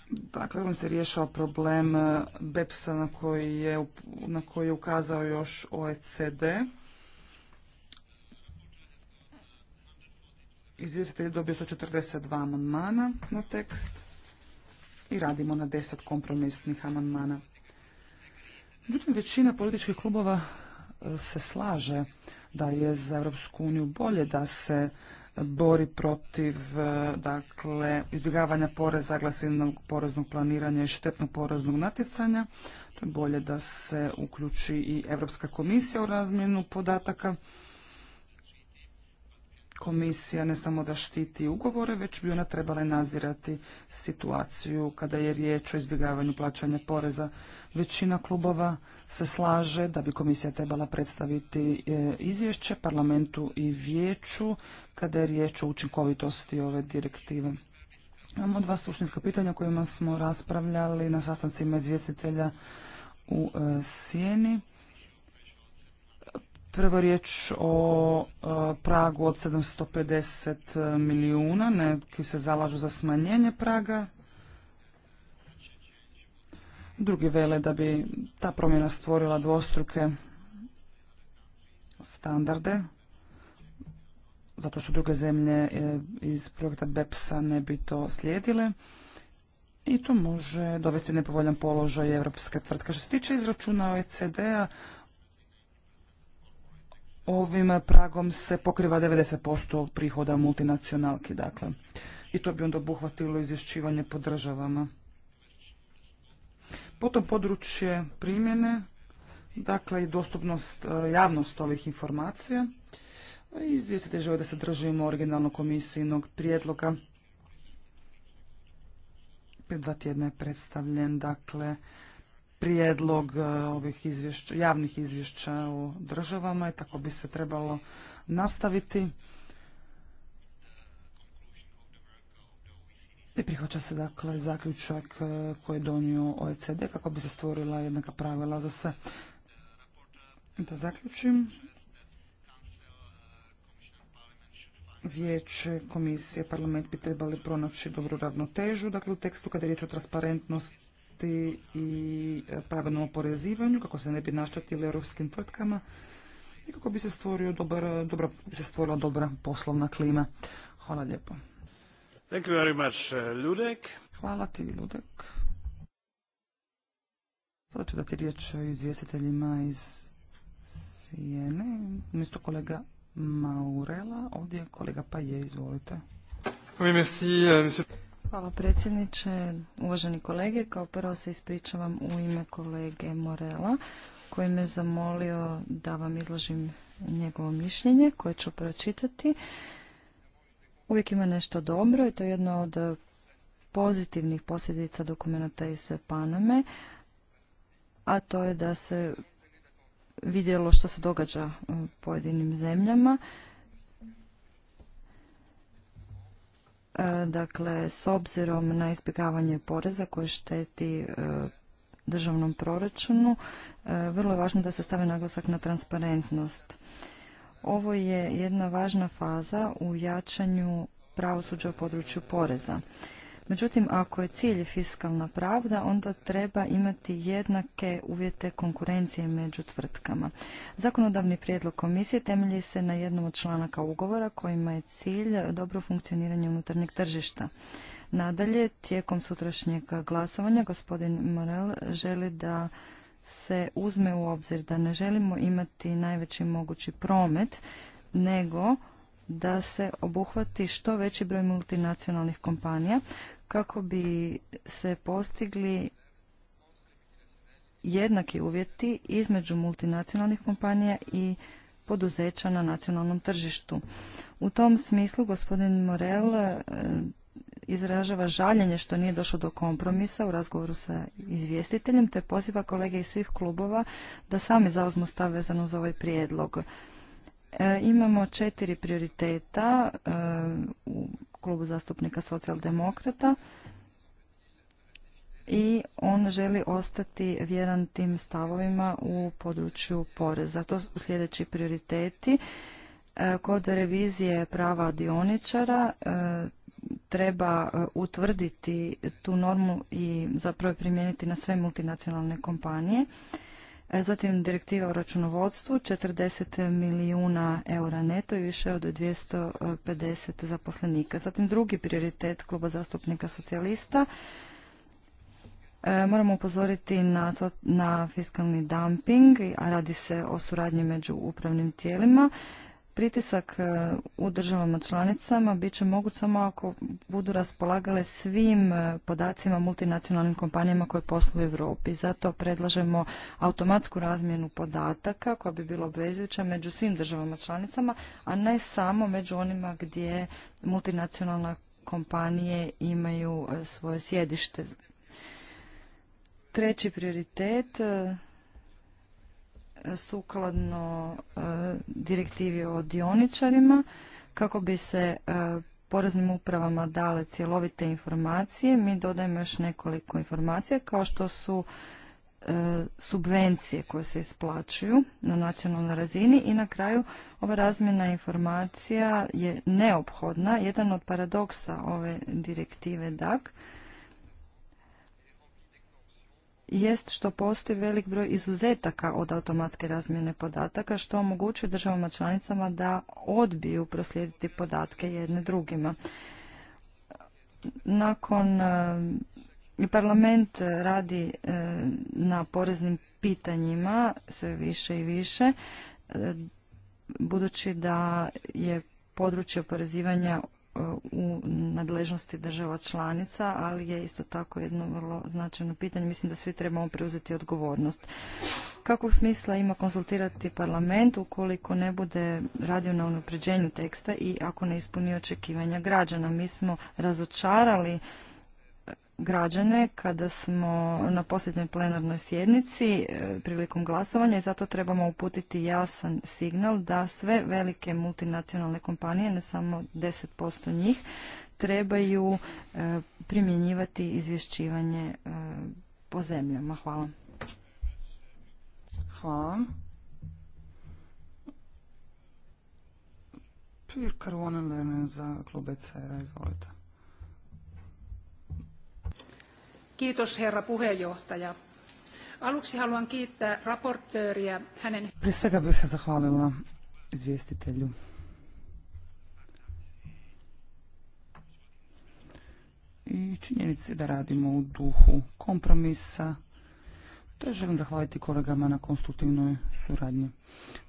Dakle, on se rješava problem BEPS-a na koji na koji je ukazao još OECD. Izvjestitelj dobio 142 dva amandmana na tekst i radimo na 10 kompromisnih amandmana. Međutim, većina političkih klubova e, se slaže da je za Europsku uniju bolje da se bori protiv e, dakle, izbjegavanja poreza, glasivnog poreznog planiranja i štetnog poreznog natjecanja. To je bolje da se uključi i Europska komisija u razmjenu podataka komisija ne samo da štiti ugovore, već bi ona trebala nadzirati situaciju kada je riječ o izbjegavanju plaćanja poreza. Većina klubova se slaže da bi komisija trebala predstaviti e, izvješće parlamentu i vijeću kada je riječ o učinkovitosti ove direktive. Imamo dva suštinska pitanja o kojima smo raspravljali na sastancima izvjestitelja u e, Sijeni. Prvo riječ o e, pragu od 750 milijuna, neki se zalažu za smanjenje praga. Drugi vele da bi ta promjena stvorila dvostruke standarde, zato što druge zemlje e, iz projekta BEPS-a ne bi to slijedile i to može dovesti u nepovoljan položaj evropske tvrtke. Što se tiče izračuna OECD-a, ovim pragom se pokriva 90% prihoda multinacionalki, dakle. I to bi onda obuhvatilo izvješćivanje po državama. Potom područje primjene, dakle i dostupnost, e, javnost ovih informacija. Izvijestite, žele da se držimo originalnog komisijnog prijedloga. Prije dva tjedna je predstavljen, dakle, prijedlog e, ovih izvješća, javnih izvješća u državama i tako bi se trebalo nastaviti. I prihvaća se dakle zaključak e, koji je donio OECD kako bi se stvorila jednaka pravila za sve. Da zaključim. Vijeće, komisije, parlament bi trebali pronaći dobru ravnotežu. Dakle, u tekstu kada je riječ o transparentnosti i e, pravednom oporezivanju kako se ne bi naštetili europskim tvrtkama i kako bi se stvorio dobar, dobra, se stvorila dobra poslovna klima. Hvala lijepo. Thank you very much, e, Ludek. Hvala ti, Ludek. Sada ću dati riječ o izvjestiteljima iz Sijene. Mesto kolega Maurela, ovdje je kolega Paje, izvolite. Oui, merci, euh, monsieur. Hvala predsjedniče, uvaženi kolege. Kao prvo se ispričavam u ime kolege Morela koji me zamolio da vam izložim njegovo mišljenje koje ću pročitati. Uvijek ima nešto dobro i to je jedno od pozitivnih posljedica dokumenta iz Paname, a to je da se vidjelo što se događa pojedinim zemljama E, dakle, s obzirom na izbjegavanje poreza koje šteti e, državnom proračunu, e, vrlo je važno da se stavi naglasak na transparentnost. Ovo je jedna važna faza u jačanju pravosuđa u području poreza. Međutim, ako je cilj fiskalna pravda, onda treba imati jednake uvjete konkurencije među tvrtkama. Zakonodavni prijedlog komisije temelji se na jednom od članaka ugovora kojima je cilj dobro funkcioniranje unutarnjeg tržišta. Nadalje, tijekom sutrašnjeg glasovanja gospodin Morel želi da se uzme u obzir da ne želimo imati najveći mogući promet, nego da se obuhvati što veći broj multinacionalnih kompanija kako bi se postigli jednaki uvjeti između multinacionalnih kompanija i poduzeća na nacionalnom tržištu. U tom smislu gospodin Morel e, izražava žaljenje što nije došlo do kompromisa u razgovoru sa izvjestiteljem, te poziva kolege iz svih klubova da sami zauzmu stav vezano za ovaj prijedlog. E, imamo četiri prioriteta e, u klubu zastupnika socijaldemokrata i on želi ostati vjeran tim stavovima u području poreza. To su sljedeći prioriteti. E, kod revizije prava dioničara treba utvrditi tu normu i zapravo primijeniti na sve multinacionalne kompanije. E, zatim direktiva o računovodstvu, 40 milijuna eura neto i više od 250 zaposlenika. Zatim drugi prioritet kluba zastupnika socijalista, e, Moramo upozoriti na, na fiskalni dumping, a radi se o suradnji među upravnim tijelima. Pritisak e, u državama članicama bit će moguć samo ako budu raspolagale svim e, podacima multinacionalnim kompanijama koje posluju u Europi. Zato predlažemo automatsku razmjenu podataka koja bi bila obvezujuća među svim državama članicama, a ne samo među onima gdje multinacionalna kompanije imaju e, svoje sjedište. Treći prioritet sukladno e, direktivi o dioničarima kako bi se e, poreznim upravama dale cjelovite informacije. Mi dodajemo još nekoliko informacija kao što su e, subvencije koje se isplaćuju na nacionalnoj razini i na kraju ova razmjena informacija je neophodna. Jedan od paradoksa ove direktive DAC jest što postoji velik broj izuzetaka od automatske razmjene podataka što omogućuje državama članicama da odbiju proslijediti podatke jedne drugima. Nakon e, i parlament radi e, na poreznim pitanjima sve više i više e, budući da je područje oporezivanja u nadležnosti država članica, ali je isto tako jedno vrlo značajno pitanje. Mislim da svi trebamo preuzeti odgovornost. Kakvog smisla ima konsultirati parlament ukoliko ne bude radio na unapređenju teksta i ako ne ispuni očekivanja građana? Mi smo razočarali građane kada smo na posljednjoj plenarnoj sjednici e, prilikom glasovanja i zato trebamo uputiti jasan signal da sve velike multinacionalne kompanije, ne samo 10% njih, trebaju e, primjenjivati izvješćivanje e, po zemljama. Hvala. Hvala. Pirkar za klub ECR, izvolite. Kiitos herra Aluksi haluan kiittää raportööriä Prije svega bih zahvalila izvjestitelju. I činjenici da radimo u duhu kompromisa, te želim zahvaliti kolegama na konstruktivnoj suradnji.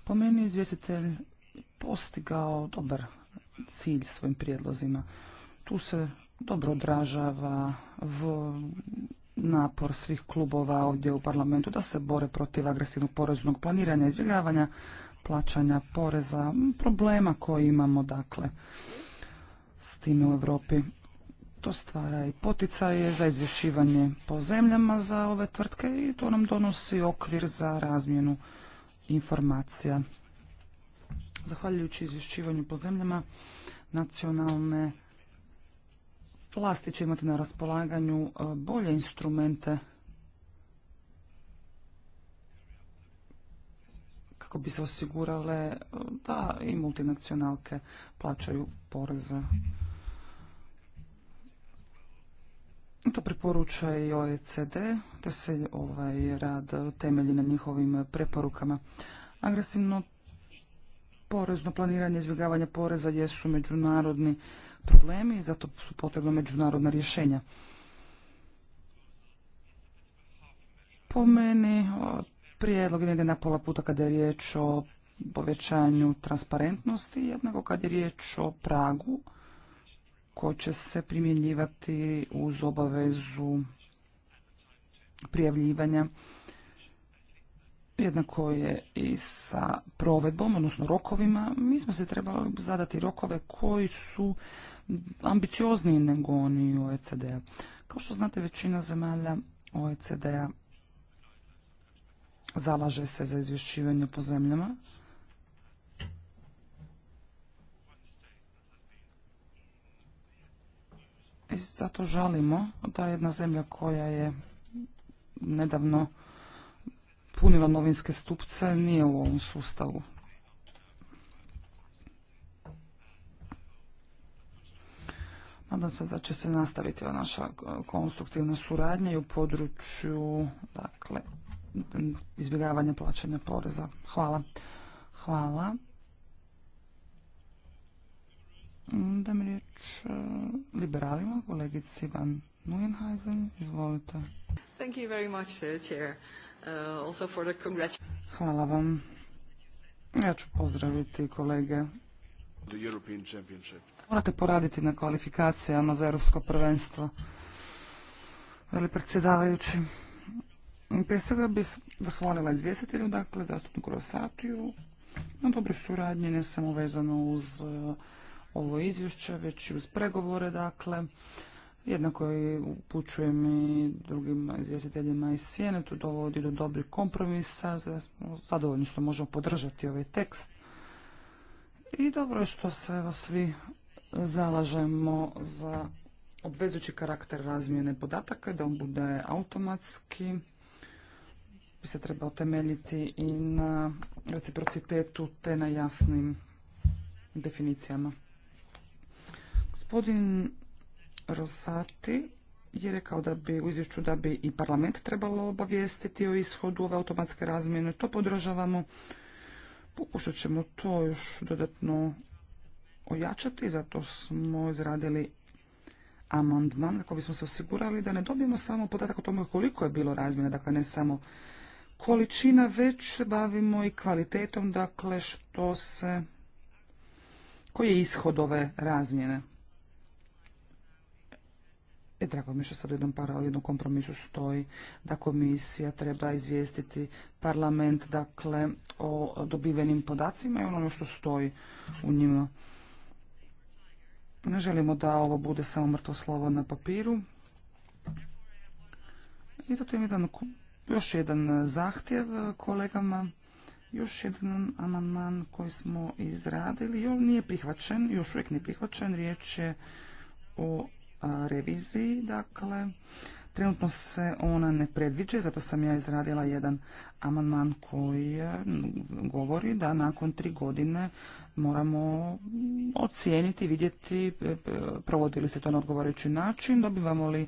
Po meni izvjestitelj postigao dobar cilj svojim prijedlozima. Tu se dobro odražava napor svih klubova ovdje u parlamentu da se bore protiv agresivnog poreznog planiranja, izbjegavanja plaćanja poreza, problema koji imamo dakle s time u Europi. To stvara i poticaje za izvješivanje po zemljama za ove tvrtke i to nam donosi okvir za razmjenu informacija. Zahvaljujući izvješćivanju po zemljama nacionalne vlasti će imati na raspolaganju e, bolje instrumente kako bi se osigurale e, da i multinacionalke plaćaju poreze. To preporuča i OECD, da se ovaj rad temelji na njihovim preporukama. Agresivno porezno planiranje izbjegavanja poreza jesu međunarodni problemi i zato su potrebna međunarodna rješenja. Po meni prijedlog ide na pola puta kada je riječ o povećanju transparentnosti, jednako kada je riječ o pragu koji će se primjenjivati uz obavezu prijavljivanja. Jednako je i sa provedbom, odnosno rokovima. Mi smo se trebali zadati rokove koji su ambiciozniji nego oni OECD-a. Kao što znate, većina zemalja OECD-a zalaže se za izvješćivanje po zemljama. I zato žalimo da jedna zemlja koja je nedavno punila novinske stupce nije u ovom sustavu. Nadam se da će se nastaviti naša e, konstruktivna suradnja i u području dakle, izbjegavanja plaćanja poreza. Hvala. Hvala. Da mi riječ e, liberalima, kolegici Ivan Nujenhajzen, izvolite. Thank you very much, uh, Chair. Uh, also for the Hvala vam. Ja ću pozdraviti kolege. The European Championship. Morate poraditi na kvalifikacijama za europsko prvenstvo. Veli predsjedavajući. Prije svega bih zahvalila izvjestitelju, dakle, zastupniku Rosatiju, na dobroj suradnji, ne samo vezano uz uh, ovo izvješće, već i uz pregovore, dakle. Jednako i upućujem i drugim izvjestiteljima iz Sijene, tu dovodi do dobrih kompromisa, zadovoljni što možemo podržati ovaj tekst. I dobro je što se evo svi zalažemo za obvezujući karakter razmjene podataka da on bude automatski bi se trebao temeljiti i na reciprocitetu te na jasnim definicijama. Gospodin Rosati je rekao da bi u izvješću da bi i parlament trebalo obavijestiti o ishodu ove automatske razmjene. To podržavamo. Pokušat ćemo to još dodatno ojačati, zato smo izradili amandman kako bismo se osigurali da ne dobijemo samo podatak o tome koliko je bilo razmjena, dakle ne samo količina, već se bavimo i kvalitetom, dakle što se, koji je ishod ove razmjene. E, drago mi što sad u jednom, jednom kompromisu stoji da komisija treba izvijestiti parlament dakle, o dobivenim podacima i ono što stoji u njima. Ne želimo da ovo bude samo mrtvo slovo na papiru. I zato imam još jedan zahtjev kolegama. Još jedan amandman koji smo izradili. On nije prihvaćen, još uvijek nije prihvaćen. Riječ je o reviziji, dakle, Trenutno se ona ne predviđa, zato sam ja izradila jedan amandman koji govori da nakon tri godine moramo ocijeniti, vidjeti e, e, provodi li se to na odgovarajući način, dobivamo li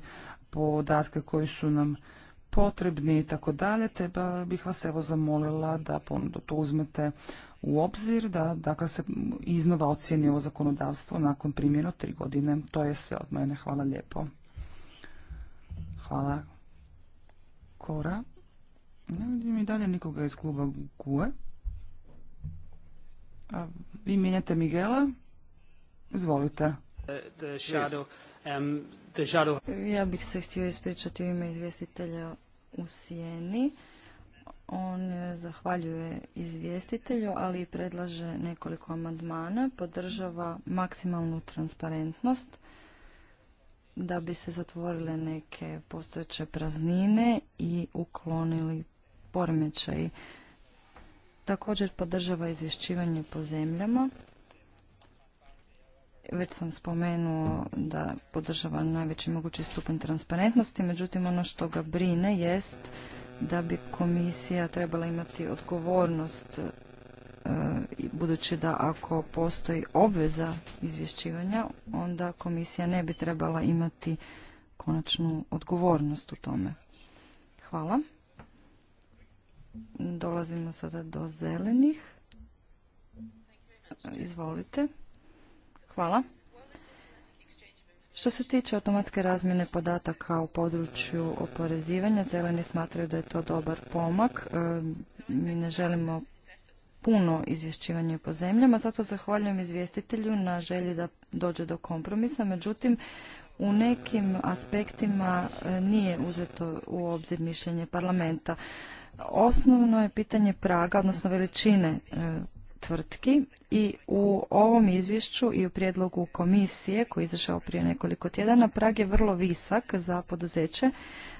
podatke koji su nam potrebni i tako dalje, te bih vas evo zamolila da to uzmete u obzir, da dakle se iznova ocijeni ovo zakonodavstvo nakon primjeno tri godine. To je sve od mene. Hvala lijepo. Hvala. Kora. Ne vidim i dalje nikoga iz kluba GUE. A vi mijenjate Miguela? Izvolite. Um, ja bih se htio ispričati u ime izvjestitelja u Sijeni. On zahvaljuje izvjestitelju, ali i predlaže nekoliko amandmana, podržava maksimalnu transparentnost da bi se zatvorile neke postojeće praznine i uklonili pormećaj. Također podržava izvješćivanje po zemljama. Već sam spomenuo da podržava najveći mogući stupanj transparentnosti, međutim ono što ga brine jest da bi komisija trebala imati odgovornost E, budući da ako postoji obveza izvješćivanja, onda komisija ne bi trebala imati konačnu odgovornost u tome. Hvala. Dolazimo sada do zelenih. E, izvolite. Hvala. Što se tiče automatske razmjene podataka u području oporezivanja, zeleni smatraju da je to dobar pomak. E, mi ne želimo puno izvješćivanje po zemljama, zato zahvaljujem izvjestitelju na želji da dođe do kompromisa, međutim u nekim aspektima e, nije uzeto u obzir mišljenje parlamenta. Osnovno je pitanje praga, odnosno veličine e, tvrtki i u ovom izvješću i u prijedlogu komisije koji je izašao prije nekoliko tjedana, prag je vrlo visak za poduzeće,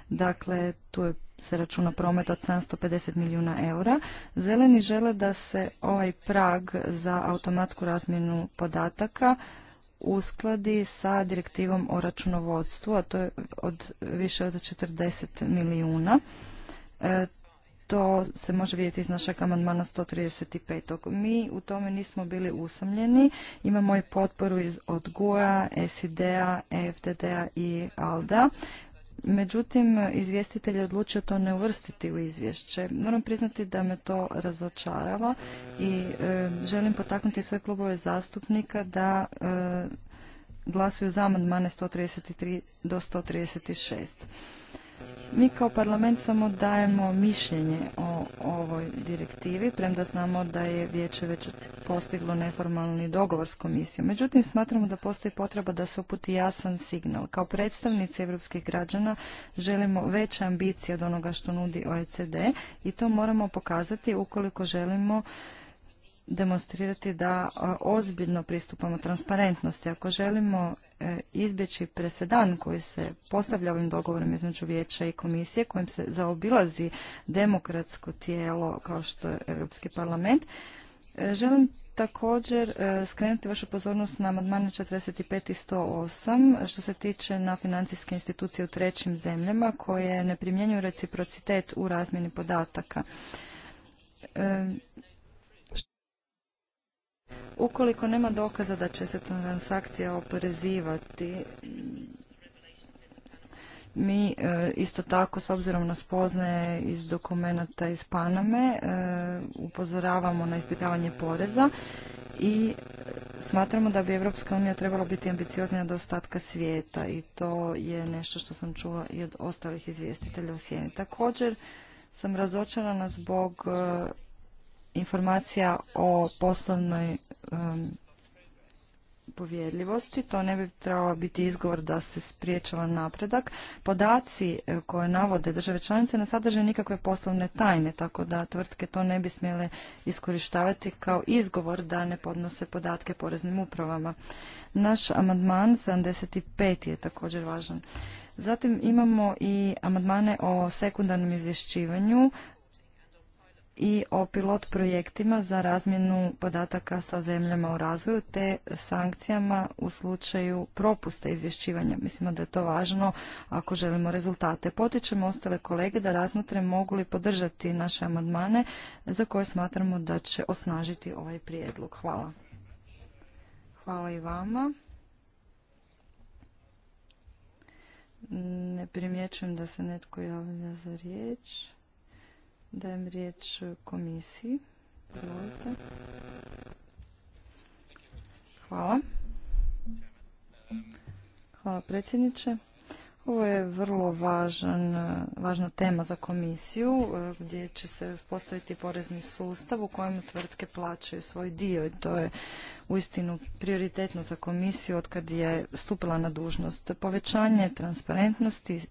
dakle tu je se računa promet od 750 milijuna eura. Zeleni žele da se ovaj prag za automatsku razmjenu podataka uskladi sa direktivom o računovodstvu, a to je od više od 40 milijuna. E, to se može vidjeti iz našeg amandmana 135. Mi u tome nismo bili usamljeni. Imamo i potporu iz od GUA, SID-a, EFDD-a i ALDA. Međutim, izvjestitelj je odlučio to ne uvrstiti u izvješće. Moram priznati da me to razočarava i e, želim potaknuti sve klubove zastupnika da e, glasuju za amandmane 133 do 136. Mi kao parlament samo dajemo mišljenje o ovoj direktivi, premda znamo da je vijeće već postiglo neformalni dogovor s komisijom. Međutim, smatramo da postoji potreba da se uputi jasan signal. Kao predstavnici evropskih građana želimo veće ambicije od onoga što nudi OECD i to moramo pokazati ukoliko želimo demonstrirati da ozbiljno pristupamo transparentnosti. Ako želimo e, izbjeći presedan koji se postavlja ovim dogovorom između vijeća i komisije kojim se zaobilazi demokratsko tijelo kao što je Europski parlament, e, Želim također e, skrenuti vašu pozornost na amandmane 45 i 108 što se tiče na financijske institucije u trećim zemljama koje ne primjenjuju reciprocitet u razmjeni podataka. Ukoliko nema dokaza da će se transakcija oporezivati, mi e, isto tako s obzirom na spoznaje iz dokumenata iz Paname e, upozoravamo na izbjegavanje poreza i smatramo da bi Evropska unija trebala biti ambicioznija do ostatka svijeta i to je nešto što sam čula i od ostalih izvjestitelja u Sjeni. Također sam razočarana zbog e, informacija o poslovnoj um, povjerljivosti. To ne bi trebalo biti izgovor da se spriječava napredak. Podaci e, koje navode države članice ne sadrže nikakve poslovne tajne, tako da tvrtke to ne bi smjele iskorištavati kao izgovor da ne podnose podatke poreznim upravama. Naš amandman 75 je također važan. Zatim imamo i amandmane o sekundarnom izvješćivanju i o pilot projektima za razmjenu podataka sa zemljama u razvoju te sankcijama u slučaju propusta izvješćivanja. Mislimo da je to važno ako želimo rezultate. Potičemo ostale kolege da razmotre mogu li podržati naše amandmane za koje smatramo da će osnažiti ovaj prijedlog. Hvala. Hvala i vama. Ne primjećujem da se netko javlja za riječ. Dajem riječ komisiji. Hvala. Hvala predsjedniče. Ovo je vrlo važan, važna tema za komisiju e, gdje će se postaviti porezni sustav u kojem tvrtke plaćaju svoj dio i to je uistinu prioritetno za komisiju kad je stupila na dužnost. Povećanje transparentnosti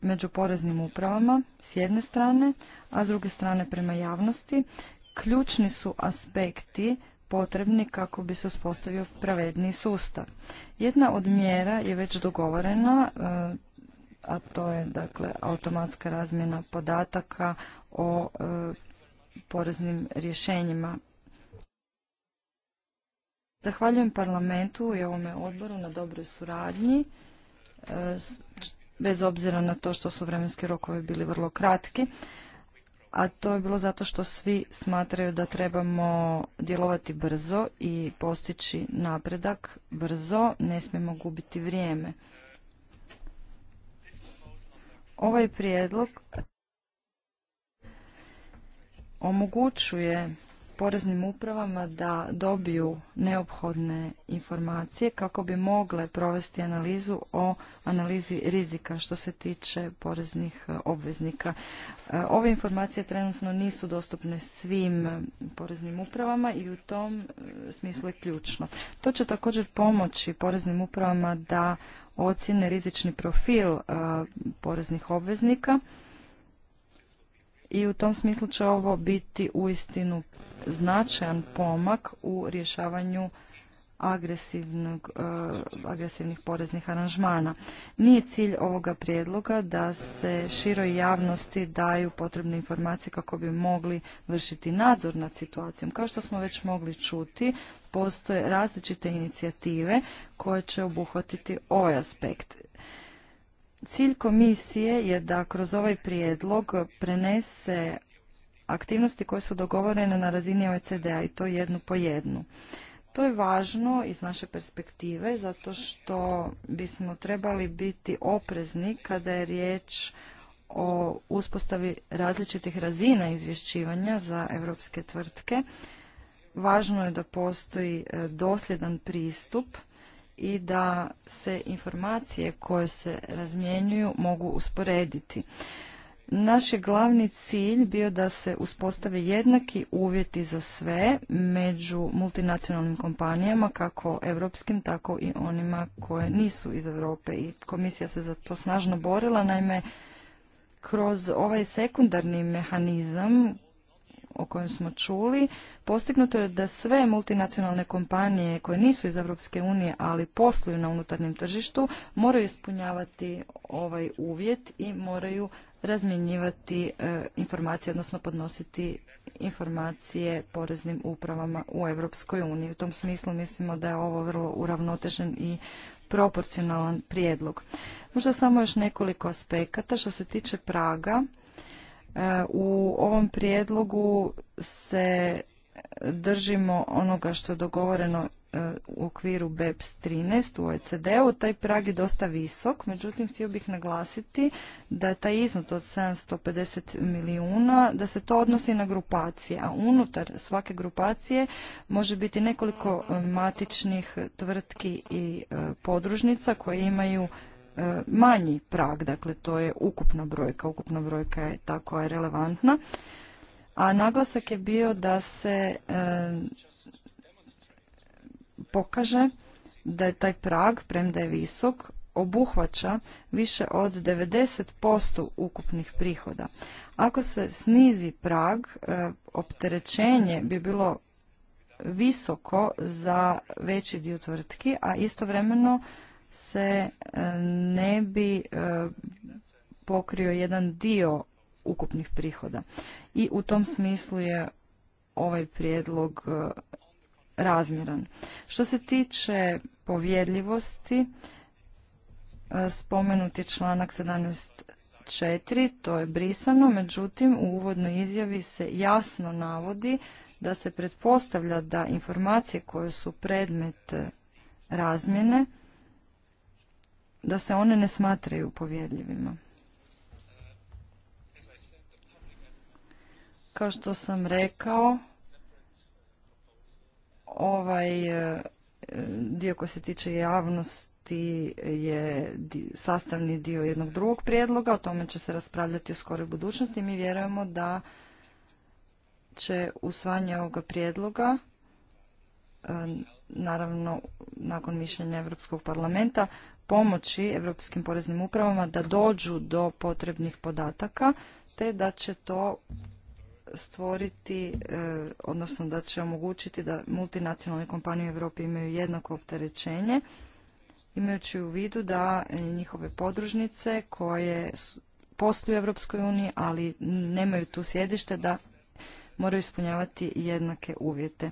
među poreznim upravama s jedne strane, a s druge strane prema javnosti, ključni su aspekti potrebni kako bi se uspostavio pravedni sustav. Jedna od mjera je već dogovorena, e, a to je dakle automatska razmjena podataka o e, poreznim rješenjima. Zahvaljujem parlamentu i ovome odboru na dobroj suradnji e, bez obzira na to što su vremenski rokovi bili vrlo kratki, a to je bilo zato što svi smatraju da trebamo djelovati brzo i postići napredak brzo, ne smijemo gubiti vrijeme. Ovaj prijedlog omogućuje poreznim upravama da dobiju neophodne informacije kako bi mogle provesti analizu o analizi rizika što se tiče poreznih e, obveznika. E, ove informacije trenutno nisu dostupne svim e, poreznim upravama i u tom smislu je ključno. To će također pomoći poreznim upravama da ocjene rizični profil poreznih obveznika i u tom smislu će ovo biti uistinu značajan pomak u rješavanju agresivnog, e, agresivnih poreznih aranžmana. Nije cilj ovoga prijedloga da se široj javnosti daju potrebne informacije kako bi mogli vršiti nadzor nad situacijom. Kao što smo već mogli čuti, postoje različite inicijative koje će obuhvatiti ovaj aspekt. Cilj komisije je da kroz ovaj prijedlog prenese aktivnosti koje su dogovorene na razini OECD-a i to jednu po jednu. To je važno iz naše perspektive zato što bismo trebali biti oprezni kada je riječ o uspostavi različitih razina izvješćivanja za europske tvrtke. Važno je da postoji e, dosljedan pristup i da se informacije koje se razmjenjuju mogu usporediti. Naš je glavni cilj bio da se uspostave jednaki uvjeti za sve među multinacionalnim kompanijama, kako europskim, tako i onima koje nisu iz Europe. I komisija se za to snažno borila, naime, kroz ovaj sekundarni mehanizam o kojem smo čuli, postignuto je da sve multinacionalne kompanije koje nisu iz Europske unije, ali posluju na unutarnjem tržištu, moraju ispunjavati ovaj uvjet i moraju razmjenjivati e, informacije, odnosno podnositi informacije poreznim upravama u Europskoj uniji. U tom smislu mislimo da je ovo vrlo uravnotežen i proporcionalan prijedlog. Možda samo još nekoliko aspekata. Što se tiče praga, E, u ovom prijedlogu se držimo onoga što je dogovoreno e, u okviru BEPS 13 u OECD-u. Taj prag je dosta visok, međutim htio bih naglasiti da je taj iznos od 750 milijuna, da se to odnosi na grupacije, a unutar svake grupacije može biti nekoliko e, matičnih tvrtki i podružnica koje imaju E, manji prag, dakle to je ukupna brojka, ukupna brojka je tako je relevantna. A naglasak je bio da se e, pokaže da je taj prag, premda je visok, obuhvaća više od 90% ukupnih prihoda. Ako se snizi prag, e, opterećenje bi bilo visoko za veći dio tvrtki, a istovremeno se e, ne bi e, pokrio jedan dio ukupnih prihoda. I u tom smislu je ovaj prijedlog e, razmjeran. Što se tiče povjerljivosti, spomenuti članak 17.4, to je brisano, međutim u uvodnoj izjavi se jasno navodi da se pretpostavlja da informacije koje su predmet razmjene da se one ne smatraju povjedljivima. Kao što sam rekao, ovaj e, dio koji se tiče javnosti je sastavni dio jednog drugog prijedloga, o tome će se raspravljati u skoroj budućnosti. Mi vjerujemo da će usvajanje ovoga prijedloga e, naravno nakon mišljenja Europskog parlamenta pomoći europskim poreznim upravama da dođu do potrebnih podataka, te da će to stvoriti, e, odnosno da će omogućiti da multinacionalne kompanije u Europi imaju jednako opterećenje, imajući u vidu da njihove podružnice koje posluju u Europskoj uniji, ali nemaju tu sjedište, da moraju ispunjavati jednake uvjete.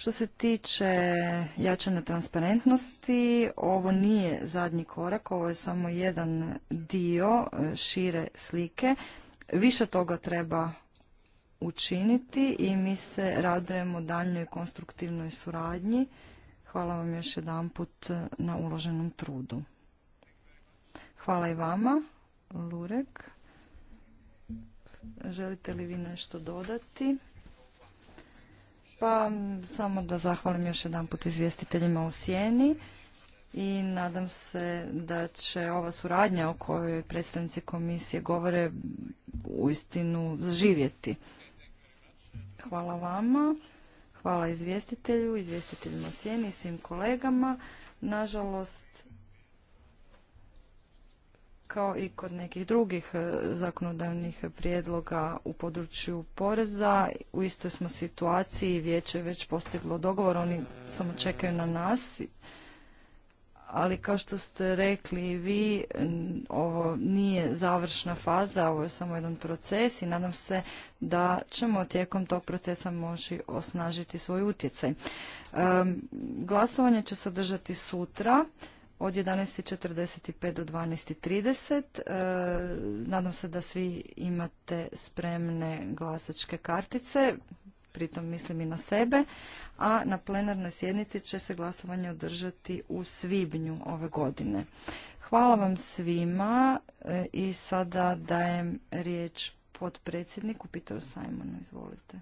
Što se tiče jačane transparentnosti, ovo nije zadnji korak, ovo je samo jedan dio e, šire slike. Više toga treba učiniti i mi se radujemo daljnjoj konstruktivnoj suradnji. Hvala vam još jedan put e, na uloženom trudu. Hvala i vama, Lurek. Želite li vi nešto dodati? Pa samo da zahvalim još jedan put izvjestiteljima u Sjeni i nadam se da će ova suradnja o kojoj predstavnici komisije govore uistinu zaživjeti. Hvala vama, hvala izvjestitelju, izvjestiteljima u sjeni i svim kolegama. Nažalost, kao i kod nekih drugih e, zakonodavnih prijedloga u području poreza. U istoj smo situaciji, vijeće je već postiglo dogovor, oni samo čekaju na nas. Ali kao što ste rekli i vi, ovo nije završna faza, ovo je samo jedan proces i nadam se da ćemo tijekom tog procesa moći osnažiti svoj utjecaj. glasovanje će se održati sutra od 11.45 do 12.30. E, nadam se da svi imate spremne glasačke kartice, pritom mislim i na sebe, a na plenarnoj sjednici će se glasovanje održati u svibnju ove godine. Hvala vam svima e, i sada dajem riječ potpredsjedniku Peteru Simonu. Izvolite.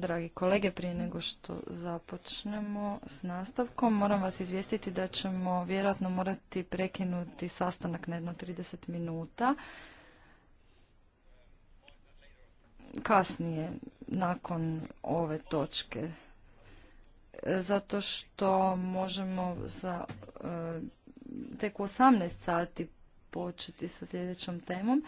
Dragi kolege, prije nego što započnemo s nastavkom, moram vas izvijestiti da ćemo vjerojatno morati prekinuti sastanak na jedno 30 minuta. Kasnije, nakon ove točke. E, zato što možemo za, e, tek u 18 sati početi sa sljedećom temom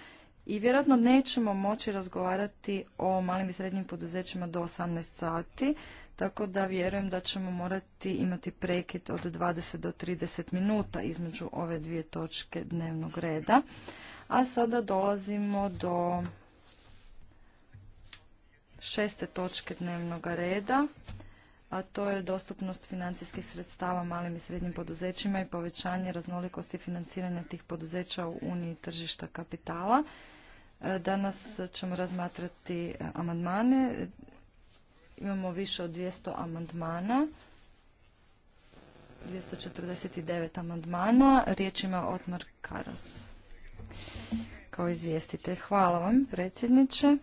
i vjerojatno nećemo moći razgovarati o malim i srednjim poduzećima do 18 sati, tako da vjerujem da ćemo morati imati prekid od 20 do 30 minuta između ove dvije točke dnevnog reda. A sada dolazimo do šeste točke dnevnog reda a to je dostupnost financijskih sredstava malim i srednjim poduzećima i povećanje raznolikosti financiranja tih poduzeća u Uniji tržišta kapitala. E, danas ćemo razmatrati e, amandmane. Imamo više od 200 amandmana. 249 amandmana. Riječ ima Otmar Karas kao izvjestitelj. Hvala vam, predsjedniče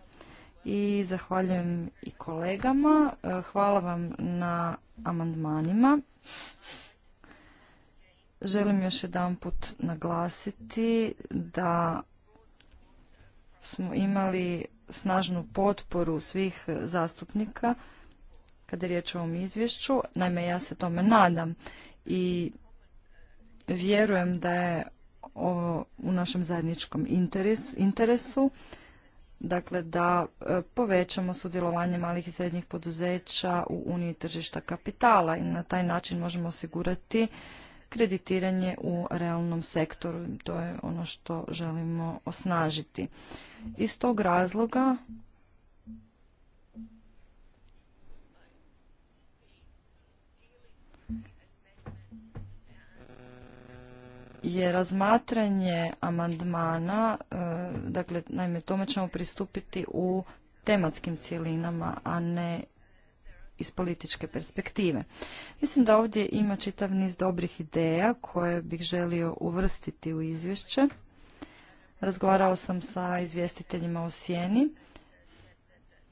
i zahvaljujem i kolegama. E, hvala vam na amandmanima. Želim još jedan put naglasiti da smo imali snažnu potporu svih zastupnika kada je riječ o ovom izvješću. Naime, ja se tome nadam i vjerujem da je ovo u našem zajedničkom interesu dakle da e, povećamo sudjelovanje malih i srednjih poduzeća u uniji tržišta kapitala i na taj način možemo osigurati kreditiranje u realnom sektoru. To je ono što želimo osnažiti. Iz tog razloga je razmatranje amandmana, e, dakle, naime, tome ćemo pristupiti u tematskim cijelinama, a ne iz političke perspektive. Mislim da ovdje ima čitav niz dobrih ideja koje bih želio uvrstiti u izvješće. Razgovarao sam sa izvjestiteljima u Sjeni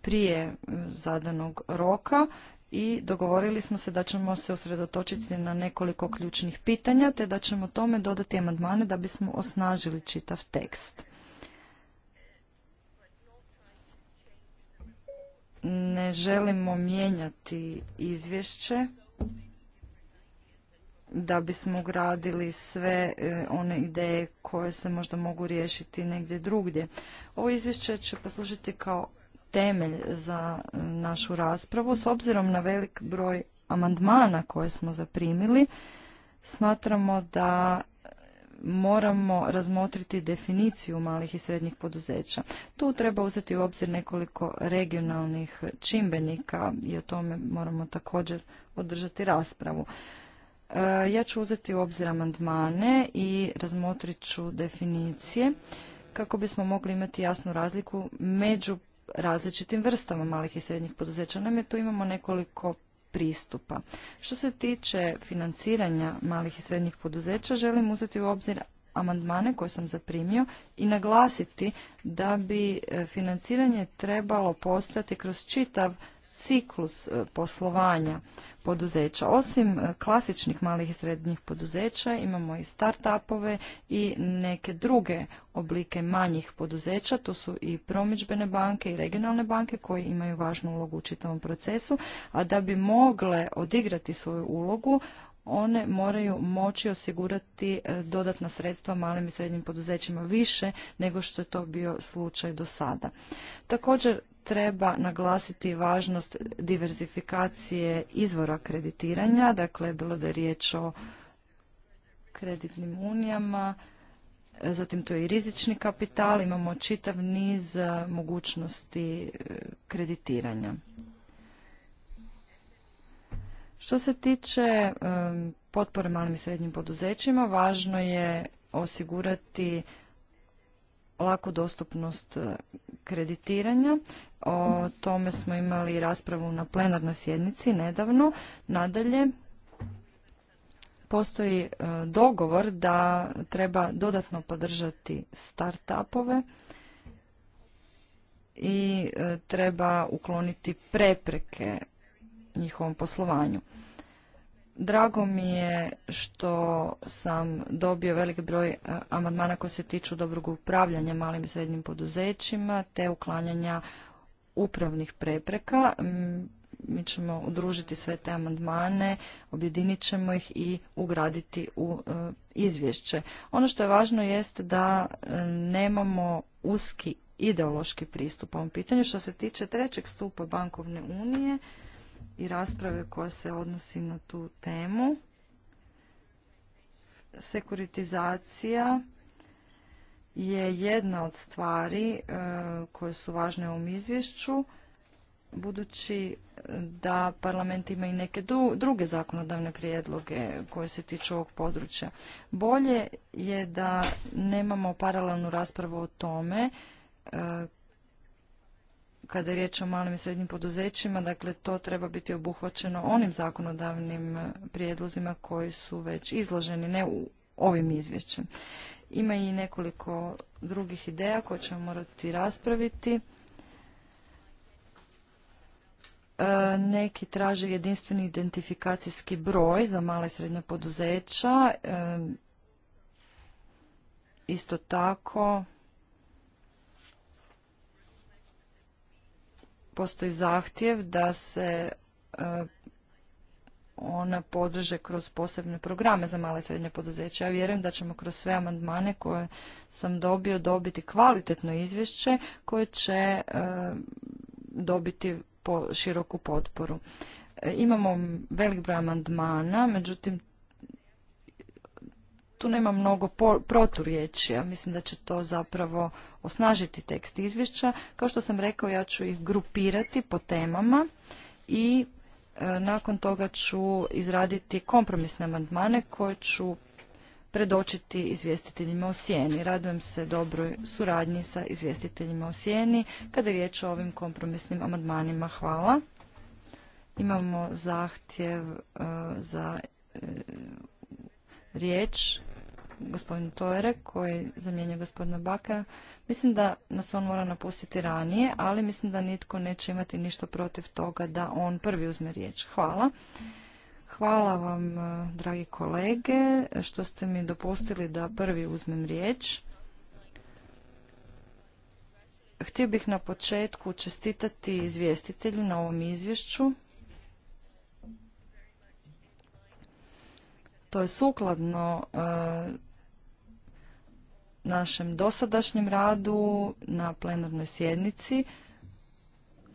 prije e, zadanog roka i dogovorili smo se da ćemo se usredotočiti na nekoliko ključnih pitanja te da ćemo tome dodati amandmane da bismo osnažili čitav tekst. Ne želimo mijenjati izvješće da bismo gradili sve e, one ideje koje se možda mogu riješiti negdje drugdje. Ovo izvješće će poslužiti kao temelj za našu raspravu. S obzirom na velik broj amandmana koje smo zaprimili, smatramo da moramo razmotriti definiciju malih i srednjih poduzeća. Tu treba uzeti u obzir nekoliko regionalnih čimbenika i o tome moramo također održati raspravu. E, ja ću uzeti u obzir amandmane i razmotrit ću definicije kako bismo mogli imati jasnu razliku među različitim vrstama malih i srednjih poduzeća. je tu imamo nekoliko pristupa. Što se tiče financiranja malih i srednjih poduzeća, želim uzeti u obzir amandmane koje sam zaprimio i naglasiti da bi e, financiranje trebalo postojati kroz čitav ciklus e, poslovanja poduzeća. Osim e, klasičnih malih i srednjih poduzeća imamo i start-upove i neke druge oblike manjih poduzeća. To su i promičbene banke i regionalne banke koje imaju važnu ulogu u čitavom procesu, a da bi mogle odigrati svoju ulogu one moraju moći osigurati e, dodatna sredstva malim i srednjim poduzećima više nego što je to bio slučaj do sada. Također treba naglasiti važnost diverzifikacije izvora kreditiranja, dakle bilo da je riječ o kreditnim unijama, zatim to je i rizični kapital, imamo čitav niz e, mogućnosti e, kreditiranja. Što se tiče e, potpore malim i srednjim poduzećima, važno je osigurati laku dostupnost e, kreditiranja. O tome smo imali raspravu na plenarnoj sjednici nedavno. Nadalje, postoji e, dogovor da treba dodatno podržati start-upove i e, treba ukloniti prepreke njihovom poslovanju. Drago mi je što sam dobio velik broj e, amandmana koji se tiču dobrog upravljanja malim i srednjim poduzećima te uklanjanja upravnih prepreka. Mi ćemo udružiti sve te amandmane, objedinit ćemo ih i ugraditi u e, izvješće. Ono što je važno jest da e, nemamo uski ideološki pristup ovom pitanju. Što se tiče trećeg stupa bankovne unije, i rasprave koja se odnosi na tu temu. Sekuritizacija je jedna od stvari e, koje su važne u ovom izvješću, budući da parlament ima i neke druge zakonodavne prijedloge koje se tiču ovog područja. Bolje je da nemamo paralelnu raspravu o tome e, kada je riječ o malim i srednjim poduzećima, dakle to treba biti obuhvaćeno onim zakonodavnim prijedlozima koji su već izloženi, ne u ovim izvješćem. Ima i nekoliko drugih ideja koje ćemo morati raspraviti. E, neki traže jedinstveni identifikacijski broj za male i srednje poduzeća. E, isto tako postoji zahtjev da se e, ona podrže kroz posebne programe za male i srednje poduzeće. Ja vjerujem da ćemo kroz sve amandmane koje sam dobio dobiti kvalitetno izvješće koje će e, dobiti široku potporu. E, imamo velik broj amandmana, međutim tu nema mnogo a Mislim da će to zapravo osnažiti tekst izvješća. Kao što sam rekao, ja ću ih grupirati po temama i e, nakon toga ću izraditi kompromisne amandmane koje ću predočiti izvjestiteljima o sjeni. Radujem se dobroj suradnji sa izvjestiteljima o sjeni. Kada je riječ o ovim kompromisnim amandmanima, hvala. Imamo zahtjev e, za e, riječ gospodin Tojere koji zamjenjuje gospodina Bakara. Mislim da nas on mora napustiti ranije, ali mislim da nitko neće imati ništa protiv toga da on prvi uzme riječ. Hvala. Hvala vam, eh, dragi kolege, što ste mi dopustili da prvi uzmem riječ. Htio bih na početku čestitati izvjestitelju na ovom izvješću. To je sukladno e, našem dosadašnjem radu na plenarnoj sjednici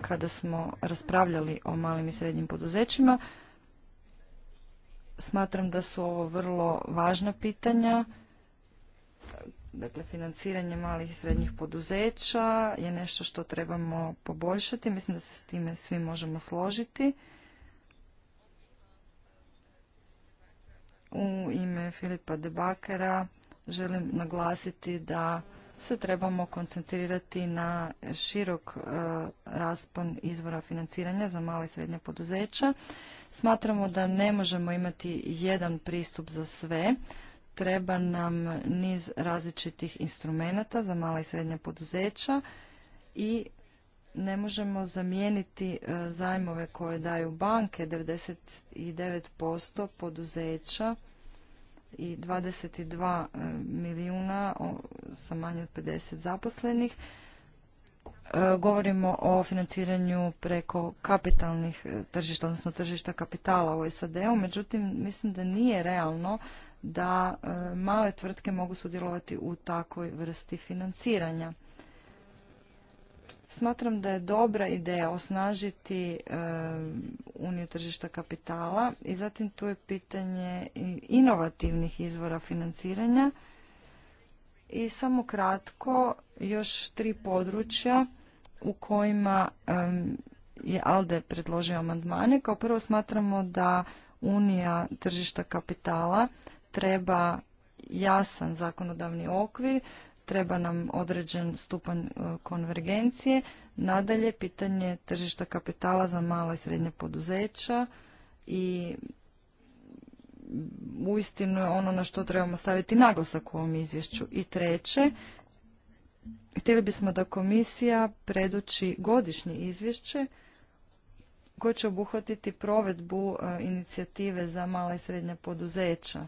kada smo raspravljali o malim i srednjim poduzećima. Smatram da su ovo vrlo važna pitanja. Dakle, financiranje malih i srednjih poduzeća je nešto što trebamo poboljšati. Mislim da se s time svi možemo složiti. U ime Filipa Debakera želim naglasiti da se trebamo koncentrirati na širok e, raspon izvora financiranja za mala i srednja poduzeća. Smatramo da ne možemo imati jedan pristup za sve. Treba nam niz različitih instrumenata za mala i srednja poduzeća i ne možemo zamijeniti e, zajmove koje daju banke, 99% poduzeća i 22 e, milijuna sa manje od 50 zaposlenih. E, govorimo o financiranju preko kapitalnih tržišta, odnosno tržišta kapitala u SAD-u, međutim mislim da nije realno da male tvrtke mogu sudjelovati u takvoj vrsti financiranja. Smatram da je dobra ideja osnažiti eh, uniju tržišta kapitala i zatim tu je pitanje inovativnih izvora financiranja. I samo kratko, još tri područja u kojima eh, je ALDE predložio amandmane. Kao prvo smatramo da unija tržišta kapitala treba jasan zakonodavni okvir treba nam određen stupanj e, konvergencije. Nadalje, pitanje tržišta kapitala za mala i srednja poduzeća i uistinu je ono na što trebamo staviti naglasak u ovom izvješću. I treće, htjeli bismo da komisija preduči godišnje izvješće koje će obuhvatiti provedbu e, inicijative za mala i srednja poduzeća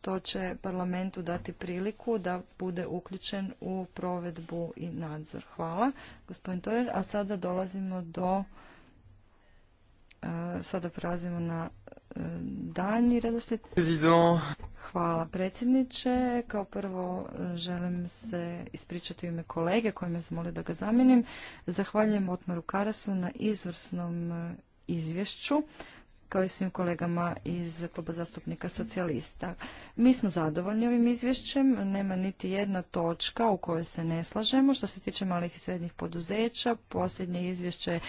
to će parlamentu dati priliku da bude uključen u provedbu i nadzor. Hvala, gospodin Tojer. A sada dolazimo do... E, sada prelazimo na e, danji redoslijed. Hvala predsjedniče. Kao prvo e, želim se ispričati u ime kolege koji me zamolio da ga zamijenim. Zahvaljujem Otmaru Karasu na izvrsnom izvješću kao i svim kolegama iz kluba zastupnika socijalista. Mi smo zadovoljni ovim izvješćem, nema niti jedna točka u kojoj se ne slažemo. Što se tiče malih i srednjih poduzeća, posljednje izvješće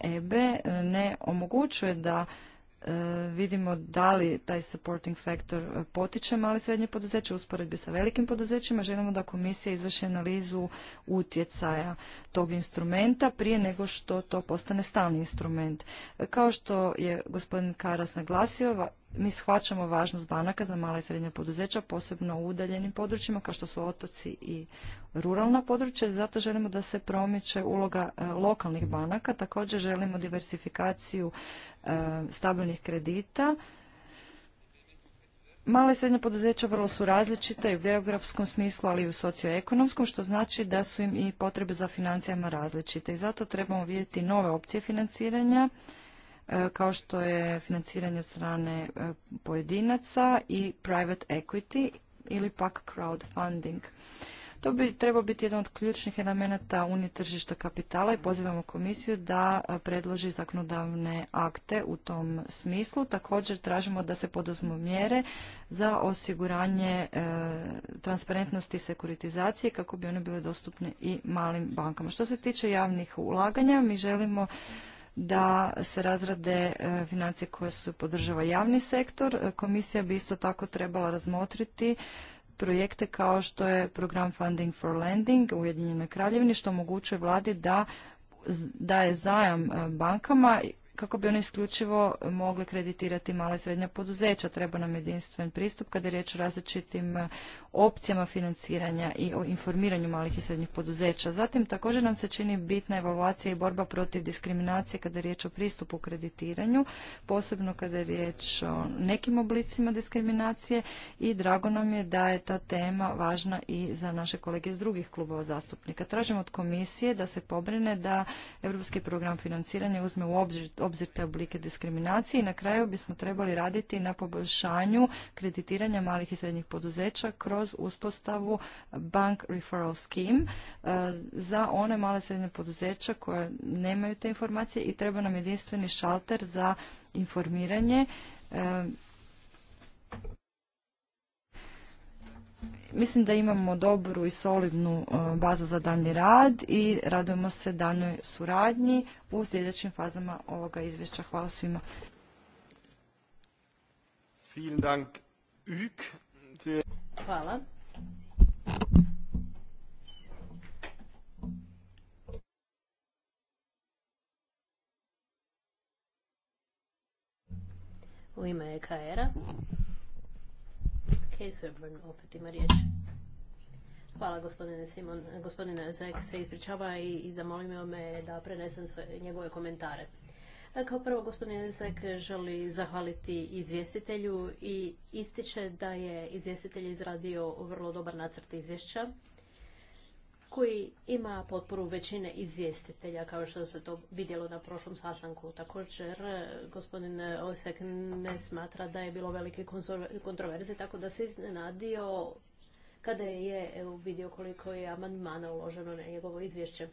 EBE ne omogućuje da E, vidimo da li taj supporting factor e, potiče mali srednje poduzeće u usporedbi sa velikim poduzećima. Želimo da komisija izvrši analizu utjecaja tog instrumenta prije nego što to postane stalni instrument. E, kao što je gospodin Karas naglasio, mi shvaćamo važnost banaka za mala i srednja poduzeća, posebno u udaljenim područjima kao što su otoci i ruralna područja zato želimo da se promiče uloga e, lokalnih banaka. Također želimo diversifikaciju e, stabilnih kredita. Mala i srednja poduzeća vrlo su različita i u geografskom smislu, ali i u socioekonomskom, što znači da su im i potrebe za financijama različite. I zato trebamo vidjeti nove opcije financiranja E, kao što je financiranje strane e, pojedinaca i private equity ili pak crowdfunding. To bi trebao biti jedan od ključnih elemenata unije tržišta kapitala i pozivamo komisiju da e, predloži zakonodavne akte u tom smislu. Također tražimo da se poduzmu mjere za osiguranje transparentnosti i sekuritizacije kako bi one bile dostupne i malim bankama. Što se tiče javnih ulaganja, mi želimo da se razrade e, financije koje su podržava javni sektor. Komisija bi isto tako trebala razmotriti projekte kao što je program Funding for Lending u Ujedinjenoj Kraljevini što omogućuje vladi da daje zajam e, bankama kako bi oni isključivo mogli kreditirati male i srednja poduzeća. Treba nam jedinstven pristup kada je riječ o različitim e, opcijama financiranja i o informiranju malih i srednjih poduzeća. Zatim također nam se čini bitna evaluacija i borba protiv diskriminacije kada je riječ o pristupu kreditiranju, posebno kada je riječ o nekim oblicima diskriminacije i drago nam je da je ta tema važna i za naše kolege iz drugih klubova zastupnika. Tražimo od komisije da se pobrine da Europski program financiranja uzme u obzir obzir te oblike diskriminacije i na kraju bismo trebali raditi na poboljšanju kreditiranja malih i srednjih poduzeća kroz uspostavu Bank Referral Scheme e, za one male i srednje poduzeća koje nemaju te informacije i treba nam jedinstveni šalter za informiranje e, Mislim da imamo dobru i solidnu e, bazu za dani rad i radujemo se danoj suradnji u sljedećim fazama ovoga izvješća. Hvala svima. Hvala. U ime e opet ima riječ. Hvala gospodine Simon. Gospodine Zek se ispričava i, i zamolio me da prenesem svoje, njegove komentare. E, kao prvo, gospodin Zek želi zahvaliti izvjestitelju i ističe da je izvjestitelj izradio vrlo dobar nacrt izvješća koji ima potporu većine izvjestitelja, kao što se to vidjelo na prošlom sastanku. Također, e, gospodin Osek ne smatra da je bilo velike kontroverze, tako da se iznenadio kada je evo, vidio koliko je amandmana uloženo na njegovo izvješće.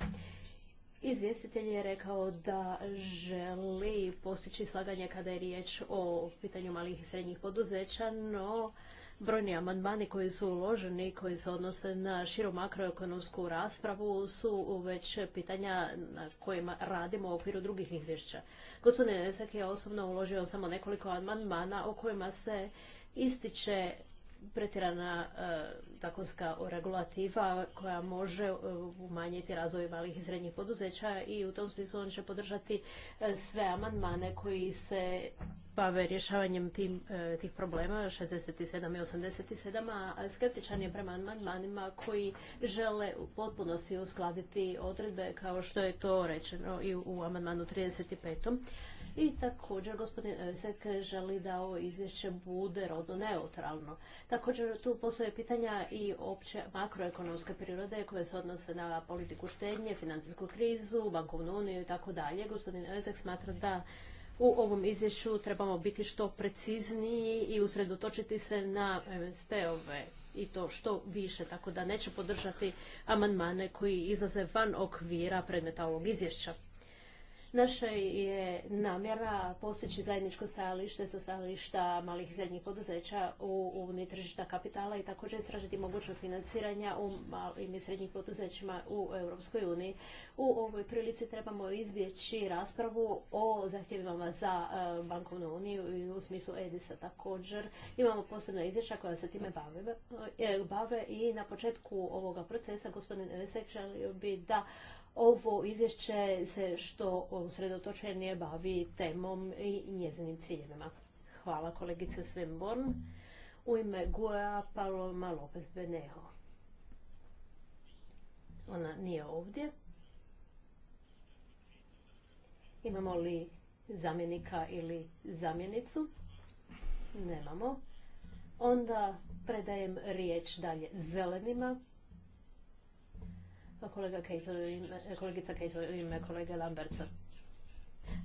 Izvjestitelj je rekao da želi postići slaganje kada je riječ o pitanju malih i srednjih poduzeća, no Brojni amandmani koji su uloženi, koji se odnose na širu makroekonomsku raspravu su već pitanja na kojima radimo u okviru drugih izvješća. Gospodin Nesak je osobno uložio samo nekoliko amandmana o kojima se ističe pretjerana e, takonska regulativa koja može e, umanjiti razvoj malih i srednjih poduzeća i u tom smislu on će podržati e, sve amandmane koji se bave rješavanjem e, tih problema 67 i 87, a skeptičan je prema amandmanima koji žele u potpunosti uskladiti odredbe kao što je to rečeno i u amandmanu 35 i također gospodin Sek želi da ovo izvješće bude rodno neutralno. Također tu postoje pitanja i opće makroekonomske prirode koje se odnose na politiku štednje, financijsku krizu, bankovnu uniju i tako dalje. Gospodin Ezek smatra da u ovom izvješću trebamo biti što precizniji i usredotočiti se na MSP-ove i to što više, tako da neće podržati amandmane koji izlaze van okvira predmeta ovog izvješća. Naša je namjera postići zajedničko stajalište sa stajališta malih i srednjih poduzeća u Uniji tržišta kapitala i također istražiti mogućnost financiranja u malim i srednjim poduzećima u Europskoj uniji. U ovoj prilici trebamo izbjeći raspravu o zahtjevima za e, bankovnu uniju i u smislu EDISA također. Imamo posebna izvješća koja se time bave, e, bave i na početku ovoga procesa gospodin Vesek želio bi da ovo izvješće se što usredotočenije bavi temom i njezinim ciljevima. Hvala kolegice Svenborn. U ime Guja Paloma Lopez Beneho. Ona nije ovdje. Imamo li zamjenika ili zamjenicu? Nemamo. Onda predajem riječ dalje zelenima. Pa kolega Kejto, kolegica u ime kolege Lamberca.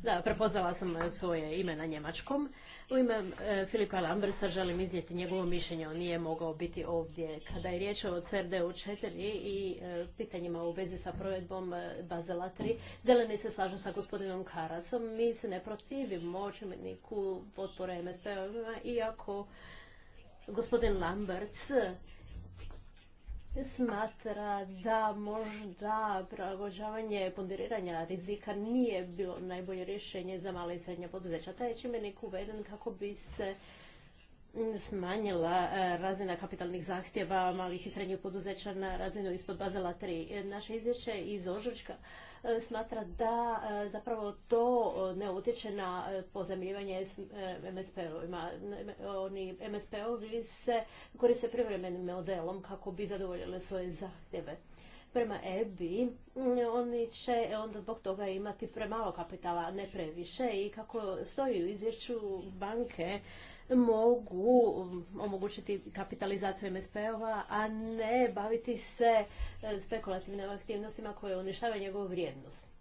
Da, prepoznala sam svoje ime na njemačkom. U ime e, Filipa Lambersa želim iznijeti njegovo mišljenje. On nije mogao biti ovdje. Kada je riječ o CRD-u 4 i e, pitanjima u vezi sa provedbom e, Bazela 3, zeleni se slažu sa gospodinom Karasom. Mi se ne protivimo čimeniku potpore MSP-ovima, iako gospodin Lamberts smatra da možda prilagođavanje ponderiranja rizika nije bilo najbolje rješenje za male i srednje poduzeća. Taj je čimenik uveden kako bi se smanjila e, razina kapitalnih zahtjeva malih i srednjih poduzeća na razinu ispod Bazela 3. E, naše izvješće iz Ožučka e, smatra da zapravo to ne utječe na pozemljivanje MSP-ovima. Oni MSP-ovi se koriste privremenim modelom kako bi zadovoljile svoje zahtjeve. Prema EBI oni će onda zbog toga imati premalo kapitala, ne previše i kako stoji u izvješću banke mogu um, omogućiti kapitalizaciju MSP-ova, a ne baviti se e, spekulativnim aktivnostima koje uništavaju njegovu vrijednost.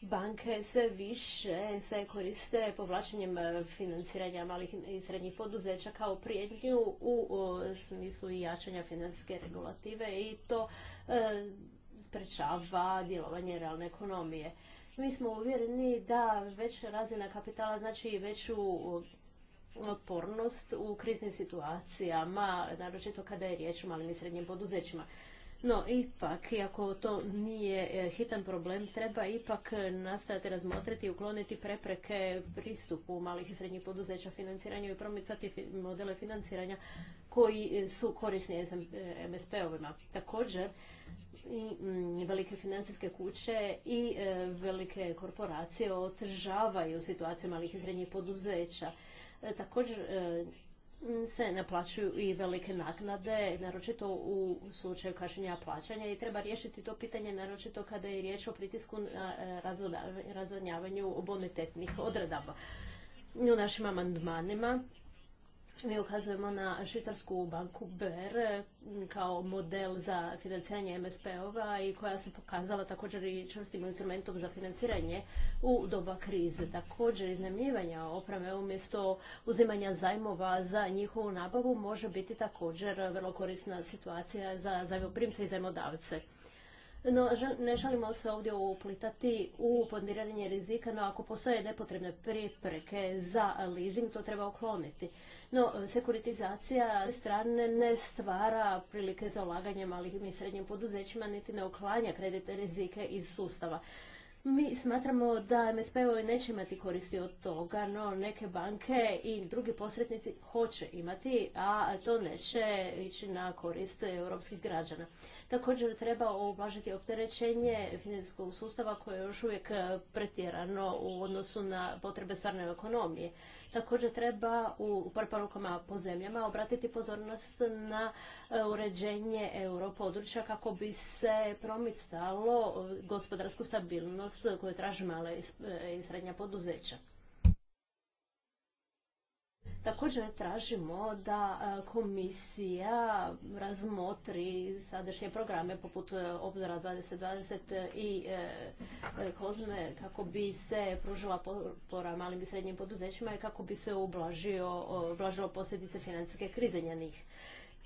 Banke sve više se koriste povlačenjem e, financiranja malih i srednjih poduzeća kao prijednju u smislu jačanja financijske regulative i to e, sprečava djelovanje realne ekonomije. Mi smo uvjereni da veća razina kapitala znači veću otpornost u kriznim situacijama, naročito kada je riječ o malim i srednjim poduzećima. No, ipak, iako to nije e, hitan problem, treba ipak nastojati razmotriti i ukloniti prepreke pristupu malih i srednjih poduzeća financiranju i promicati modele financiranja koji su korisni e, MSP-ovima. Također, i mm, velike financijske kuće i e, velike korporacije otržavaju situaciju malih i srednjih poduzeća. E, također e, se naplaćuju i velike naknade, naročito u slučaju kašnjenja plaćanja i treba riješiti to pitanje naročito kada je riječ o pritisku na e, razvodnjavanju bonitetnih odredaba. U našim amandmanima mi ukazujemo na švicarsku banku BR kao model za financiranje MSP-ova i koja se pokazala također i čvrstim instrumentom za financiranje u doba krize. Također iznajmljivanja oprave umjesto uzimanja zajmova za njihovu nabavu može biti također vrlo korisna situacija za zajmoprimce i zajmodavce. No, ne želimo se ovdje uplitati u podmiranje rizika, no ako postoje nepotrebne pripreke za leasing, to treba ukloniti. No, sekuritizacija strane ne stvara prilike za ulaganje malih i srednjim poduzećima, niti ne uklanja kreditne rizike iz sustava. Mi smatramo da msp neće imati koristi od toga, no neke banke i drugi posrednici hoće imati, a to neće ići na korist europskih građana. Također treba uvažiti opterećenje financijskog sustava koje je još uvijek pretjerano u odnosu na potrebe stvarne ekonomije. Također treba u preporukama po zemljama obratiti pozornost na e, uređenje europodručja kako bi se promicalo e, gospodarsku stabilnost koju traže male i srednja poduzeća. Također tražimo da e, komisija razmotri sadašnje programe poput e, obzora 2020 i e, kozme kako bi se pružila potpora malim i srednjim poduzećima i kako bi se ublažio, ublažilo posljedice financijske krize njenih.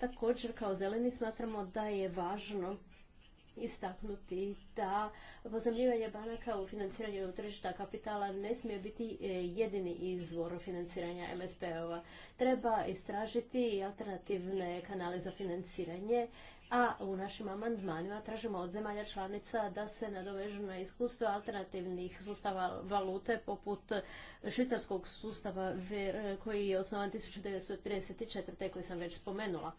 Također kao zeleni smatramo da je važno istaknuti da pozemljivanje banaka u financiranju tržišta kapitala ne smije biti e, jedini izvor financiranja MSP-ova. Treba istražiti alternativne kanale za financiranje, a u našim amandmanima tražimo od zemalja članica da se nadovežu na iskustvo alternativnih sustava valute poput švicarskog sustava e, koji je osnovan 1934. koji sam već spomenula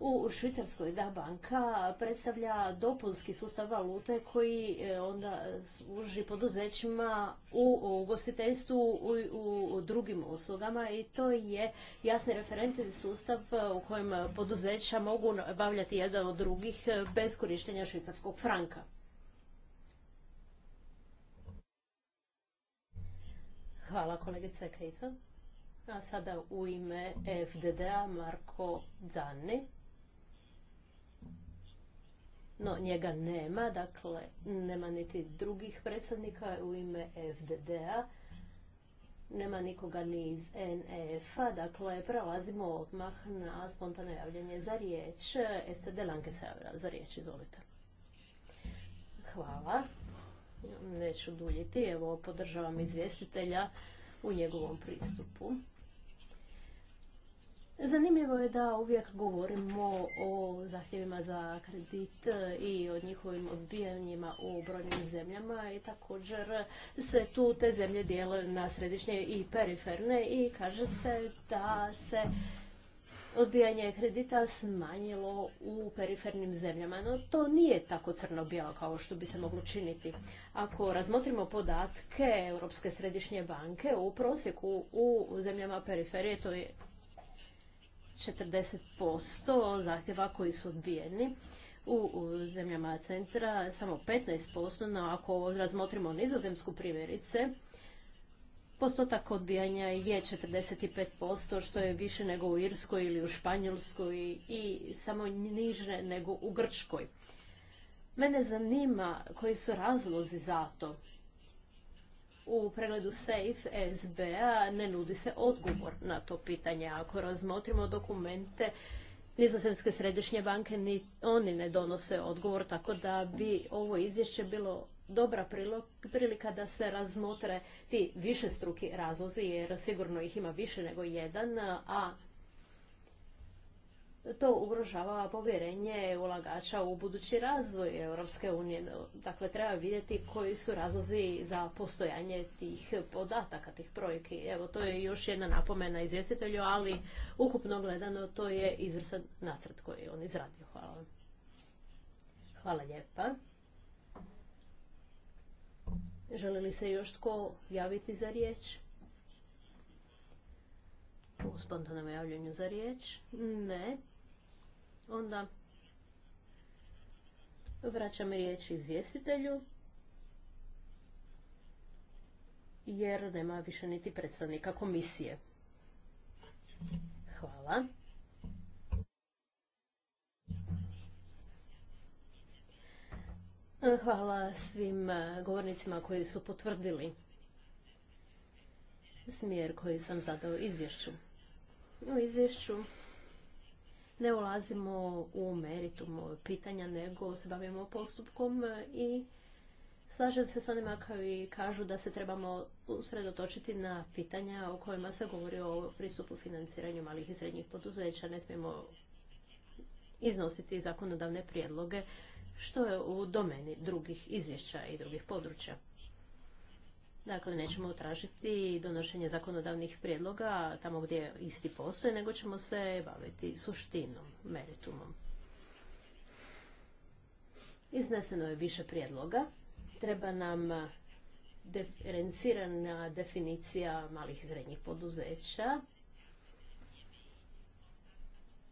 u Švicarskoj da banka predstavlja dopunski sustav valute koji e, onda služi poduzećima u ugostiteljstvu u, u drugim uslugama i to je jasni referentni sustav e, u kojem poduzeća mogu bavljati jedan od drugih e, bez korištenja švicarskog franka. Hvala kolegice Kejta. A sada u ime FDDA Marko Zanni no njega nema, dakle nema niti drugih predsjednika u ime FDD-a, nema nikoga ni iz NF-a, e dakle prelazimo odmah na spontano javljanje za riječ. Este Delanke se za riječ, izvolite. Hvala. Neću duljiti, evo podržavam izvjestitelja u njegovom pristupu. Zanimljivo je da uvijek govorimo o zahtjevima za kredit e, i o njihovim odbijanjima u brojnim zemljama i također se tu te zemlje dijele na središnje i periferne i kaže se da se odbijanje kredita smanjilo u perifernim zemljama. No to nije tako crno-bijelo kao što bi se moglo činiti. Ako razmotrimo podatke Europske središnje banke, u prosjeku u zemljama periferije to je 40% zahtjeva koji su odbijeni. U, zemljama centra samo 15%, no ako razmotrimo nizozemsku primjerice, postotak odbijanja je 45%, što je više nego u Irskoj ili u Španjolskoj i samo niže nego u Grčkoj. Mene zanima koji su razlozi za to. U pregledu SAFE SBA ne nudi se odgovor na to pitanje. Ako razmotrimo dokumente Nizozemske središnje banke, ni oni ne donose odgovor, tako da bi ovo izvješće bilo dobra prilika da se razmotre ti višestruki razlozi, jer sigurno ih ima više nego jedan, a to ugrožava povjerenje ulagača u budući razvoj Europske unije. Dakle, treba vidjeti koji su razlozi za postojanje tih podataka, tih brojki. Evo, to je još jedna napomena izvjestitelju, ali ukupno gledano to je izvrsan nacrt koji je on izradio. Hvala Hvala lijepa. Želi li se još tko javiti za riječ? U spontanom javljanju za riječ? Ne. Onda vraćam riječ izvjestitelju jer nema više niti predstavnika komisije. Hvala. Hvala svim eh, govornicima koji su potvrdili smjer koji sam zadao izvješću. U izvješću ne ulazimo u meritum pitanja, nego se bavimo postupkom i slažem se s onima koji kažu da se trebamo usredotočiti na pitanja o kojima se govori o pristupu financiranju malih i srednjih poduzeća. Ne smijemo iznositi zakonodavne prijedloge, što je u domeni drugih izvješća i drugih područja. Dakle, nećemo tražiti donošenje zakonodavnih prijedloga tamo gdje isti postoje, nego ćemo se baviti suštinom, meritumom. Izneseno je više prijedloga. Treba nam diferencirana definicija malih i srednjih poduzeća,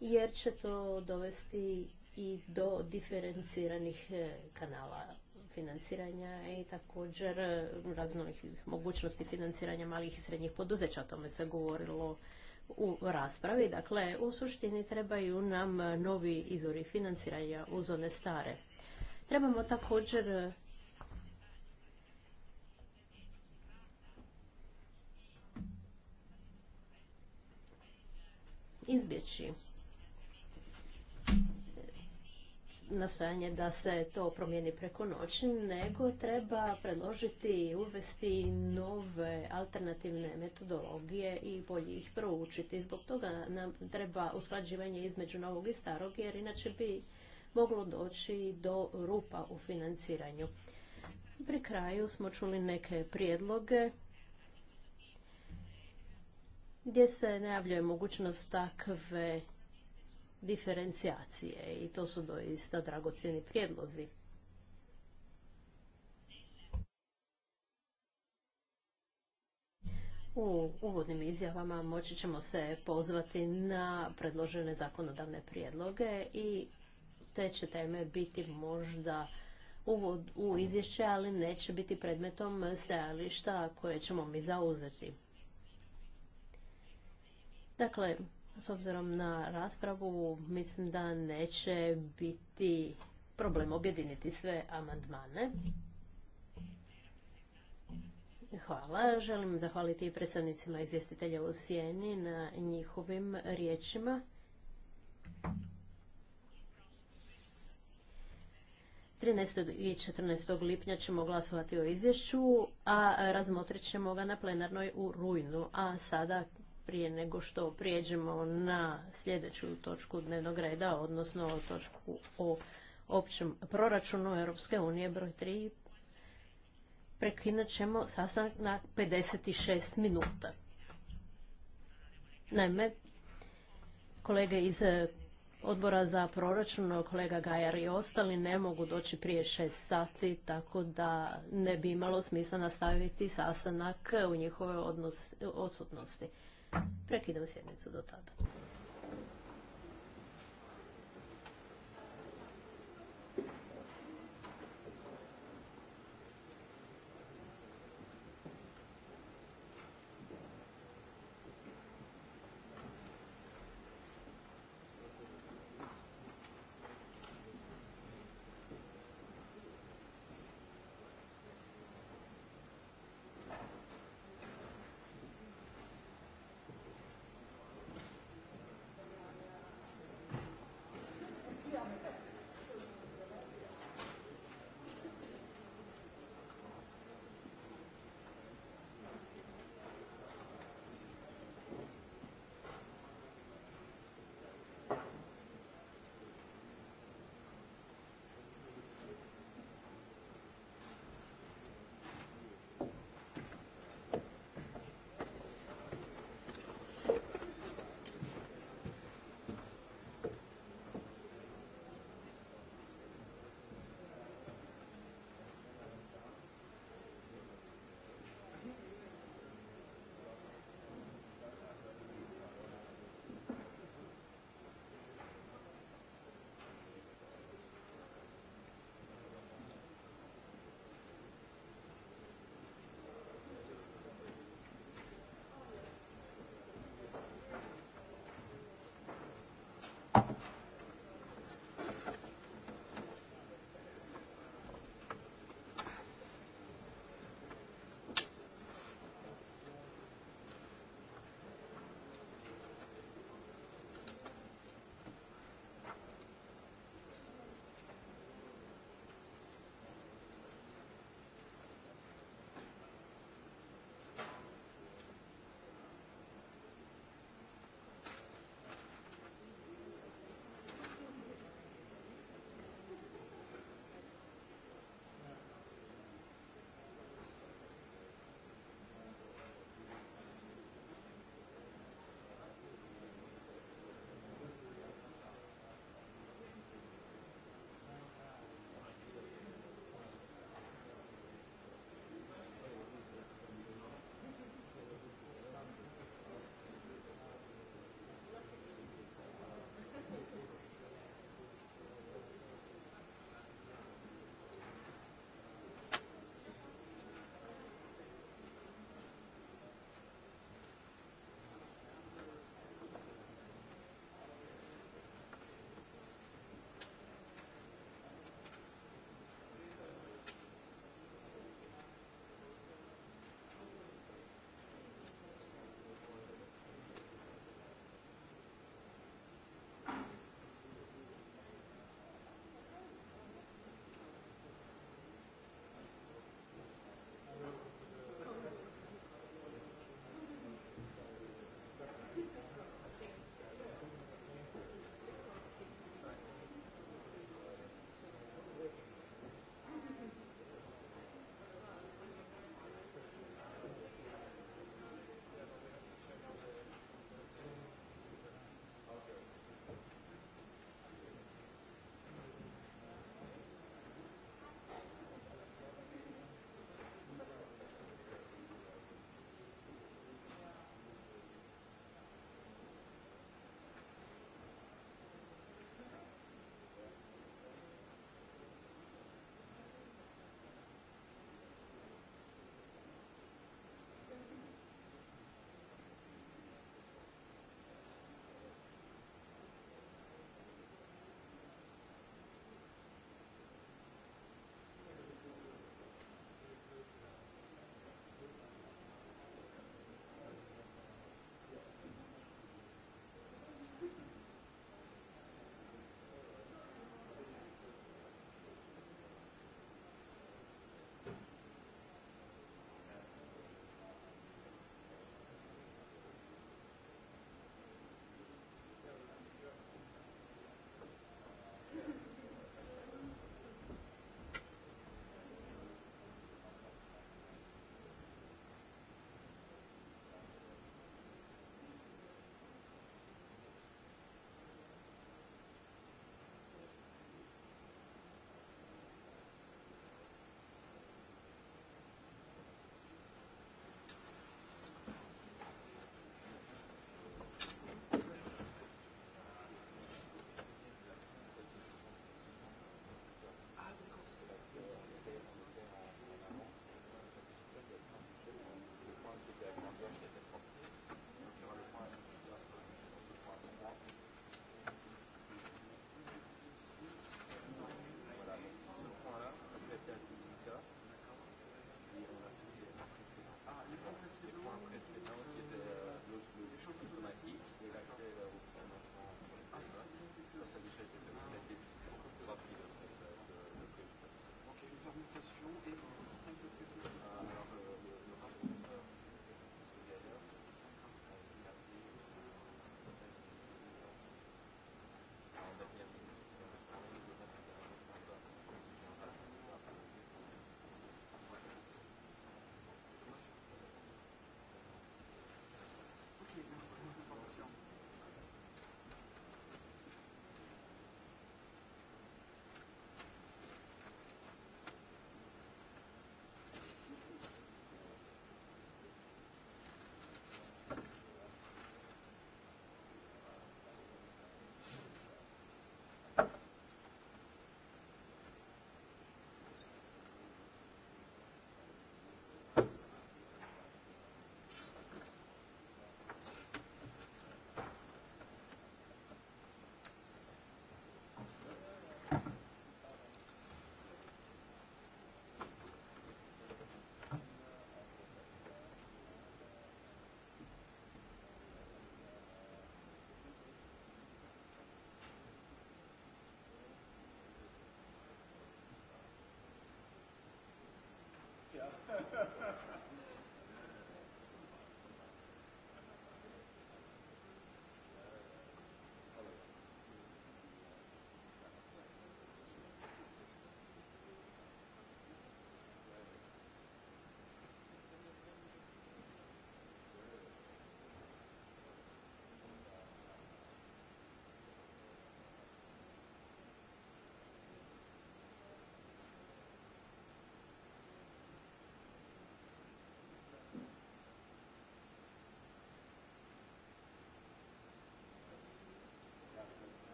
jer će to dovesti i do diferenciranih kanala financiranja i također e, raznovih mogućnosti financiranja malih i srednjih poduzeća. O tome se govorilo u raspravi. Dakle, u suštini trebaju nam novi izvori financiranja uz one stare. Trebamo također e, izbjeći nastojanje da se to promijeni preko noći, nego treba predložiti i uvesti nove alternativne metodologije i bolje ih proučiti. Zbog toga nam treba usklađivanje između novog i starog, jer inače bi moglo doći do rupa u financiranju. Pri kraju smo čuli neke prijedloge gdje se najavljuje mogućnost takve diferencijacije i to su doista dragocjeni prijedlozi. U uvodnim izjavama moći ćemo se pozvati na predložene zakonodavne prijedloge i te će teme biti možda uvod u izvješće, ali neće biti predmetom stajališta koje ćemo mi zauzeti. Dakle, s obzirom na raspravu, mislim da neće biti problem objediniti sve amandmane. Hvala. Želim zahvaliti i predstavnicima izvjestitelja u Sijeni na njihovim riječima. Trinaest i 14. lipnja ćemo glasovati o izvješću, a razmotrit ćemo ga na plenarnoj u rujnu. A sada prije nego što prijeđemo na sljedeću točku dnevnog reda, odnosno točku o općem proračunu Europske unije broj 3, prekinut ćemo sastanak na 56 minuta. Naime, kolege iz odbora za proračun, kolega Gajar i ostali ne mogu doći prije 6 sati, tako da ne bi imalo smisla nastaviti sastanak u njihovoj odnos, odsutnosti. Prekidam sjednicu do tada.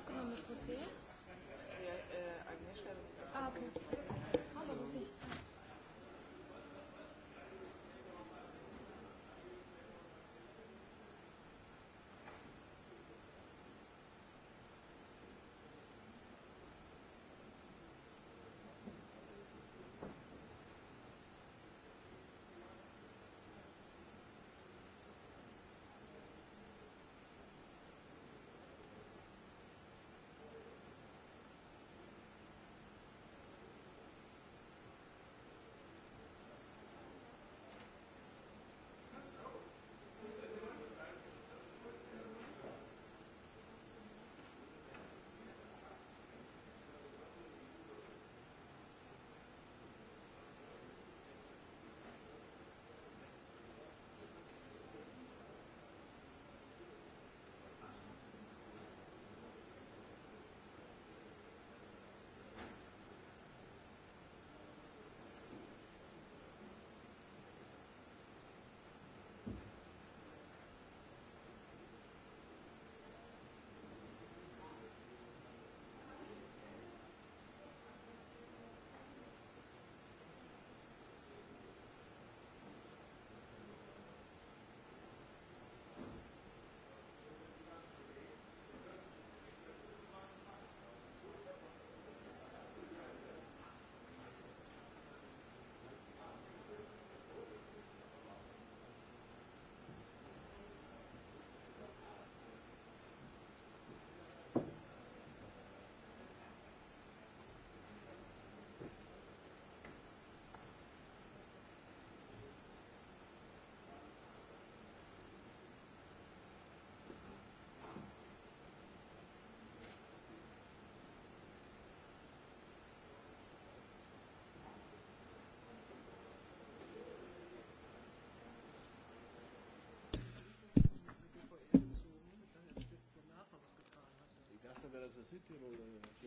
abgenommen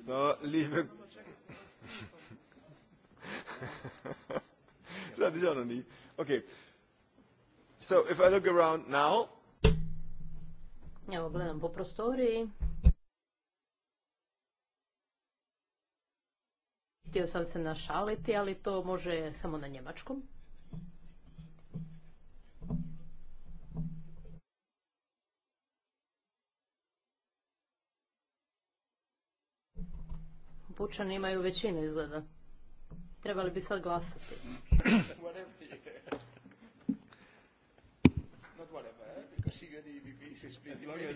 So, liebe... das hatte ich auch noch nie. Okay. So, if I look around now... Evo, gledam po prostoriji. Htio sam se našaliti, ali to može samo na njemačkom. pučani imaju većinu izgleda. Trebali bi sad glasati.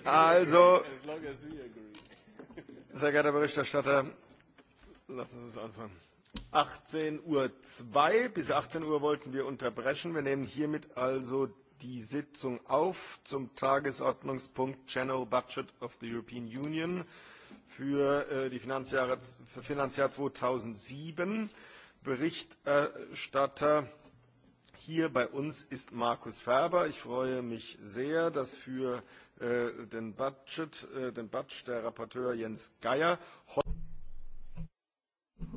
Also, sehr geehrter Berichterstatter, lassen Sie uns anfangen. 18.02 Uhr bis 18 Uhr wollten wir unterbrechen. Wir nehmen hiermit also die Sitzung auf zum Tagesordnungspunkt General Budget of the European Union für äh, die Finanzjahre, für Finanzjahr 2007. Berichterstatter hier bei uns ist Markus Ferber. Ich freue mich sehr, dass für äh, den Budget, äh, den Budget der Rapporteur Jens Geier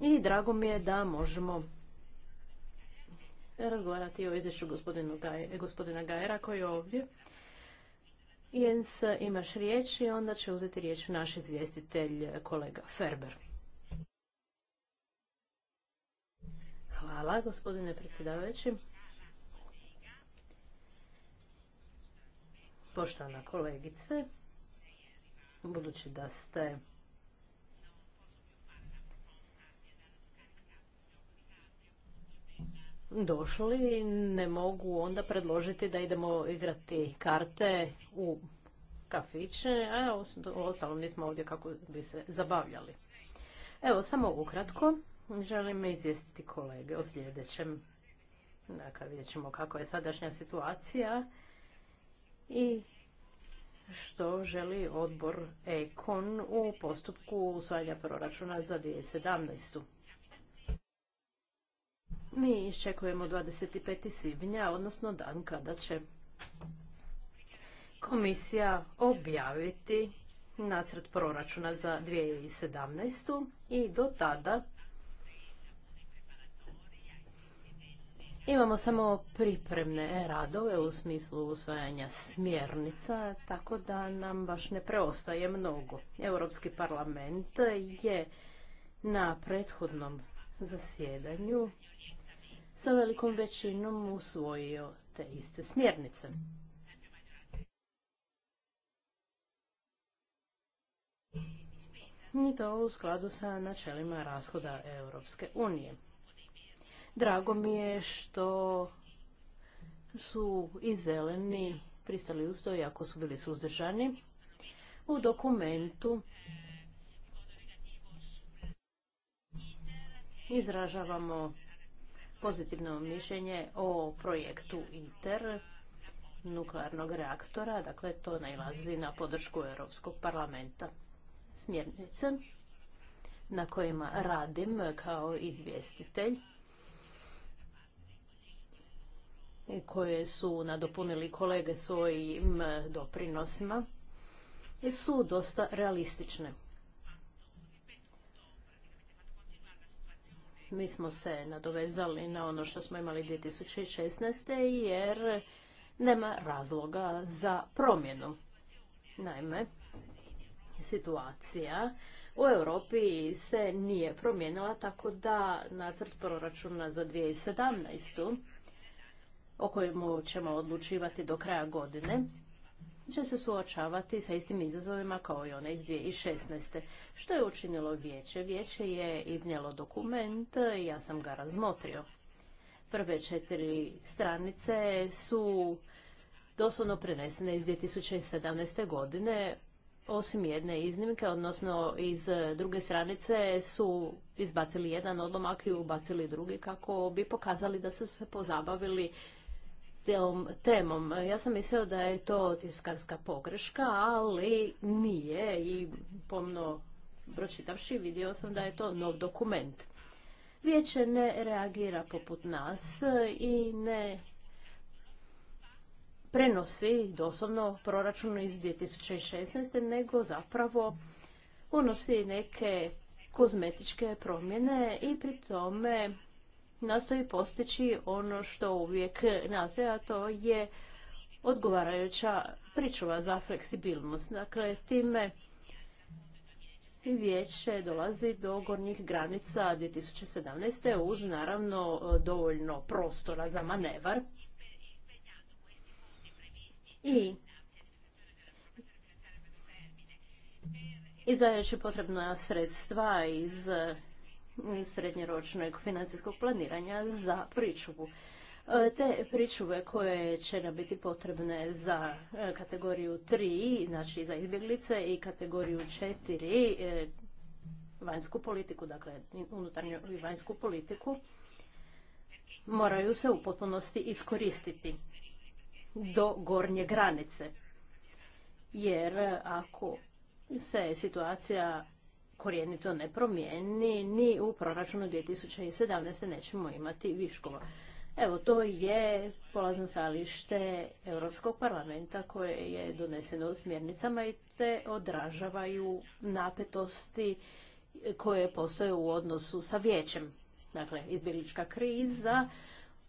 i drago mi je da možemo razgovarati o izvješću gospodina Gajera koji je ovdje. Jens, imaš riječ i onda će uzeti riječ naš izvjestitelj kolega Ferber. Hvala, gospodine predsjedavajući. Poštovana kolegice, budući da ste došli, ne mogu onda predložiti da idemo igrati karte u kafiće, a ostalo nismo ovdje kako bi se zabavljali. Evo, samo ukratko, želim izvijestiti kolege o sljedećem. Dakle, vidjet ćemo kako je sadašnja situacija i što želi odbor EKON u postupku usvajanja proračuna za 2017. Mi iščekujemo 25. svibnja, odnosno dan kada će komisija objaviti nacrt proračuna za 2017. i do tada Imamo samo pripremne radove u smislu usvajanja smjernica, tako da nam baš ne preostaje mnogo. Europski parlament je na prethodnom zasjedanju sa velikom većinom usvojio te iste smjernice. I to u skladu sa načelima rashoda Europske unije. Drago mi je što su i zeleni pristali uz to, iako su bili suzdržani. U dokumentu izražavamo pozitivno mišljenje o projektu ITER nuklearnog reaktora, dakle to najlazi na podršku Europskog parlamenta. Smjernice na kojima radim kao izvjestitelj koje su nadopunili kolege svojim doprinosima su dosta realistične. Mi smo se nadovezali na ono što smo imali 2016. jer nema razloga za promjenu. Naime, situacija u Europi se nije promijenila tako da nacrt proračuna za 2017. o kojemu ćemo odlučivati do kraja godine će se suočavati sa istim izazovima kao i one iz 2016. Što je učinilo vijeće? Vijeće je iznijelo dokument i ja sam ga razmotrio. Prve četiri stranice su doslovno prenesene iz 2017. godine, osim jedne iznimke, odnosno iz druge stranice su izbacili jedan odlomak i ubacili drugi kako bi pokazali da su se pozabavili tom temom. Ja sam mislila da je to tiskarska pogreška, ali nije i pomno pročitavši vidio sam da je to nov dokument. Vijeće ne reagira poput nas i ne prenosi doslovno proračun iz 2016. nego zapravo unosi neke kozmetičke promjene i pri tome nastoji postići ono što uvijek nastoji, a to je odgovarajuća pričuva za fleksibilnost. Dakle, time vijeće dolazi do gornjih granica 2017. uz naravno dovoljno prostora za manevar. I izajaći potrebna sredstva iz srednjeročnog financijskog planiranja za pričuvu. E, te pričuve koje će nam biti potrebne za e, kategoriju 3, znači za izbjeglice i kategoriju 4, e, vanjsku politiku, dakle unutarnju i vanjsku politiku, moraju se u potpunosti iskoristiti do gornje granice. Jer ako se situacija korijenito ne promijeni, ni u proračunu 2017. nećemo imati viškova. Evo, to je polazno salište Europskog parlamenta koje je doneseno u smjernicama i te odražavaju napetosti koje postoje u odnosu sa vijećem. Dakle, izbjeglička kriza,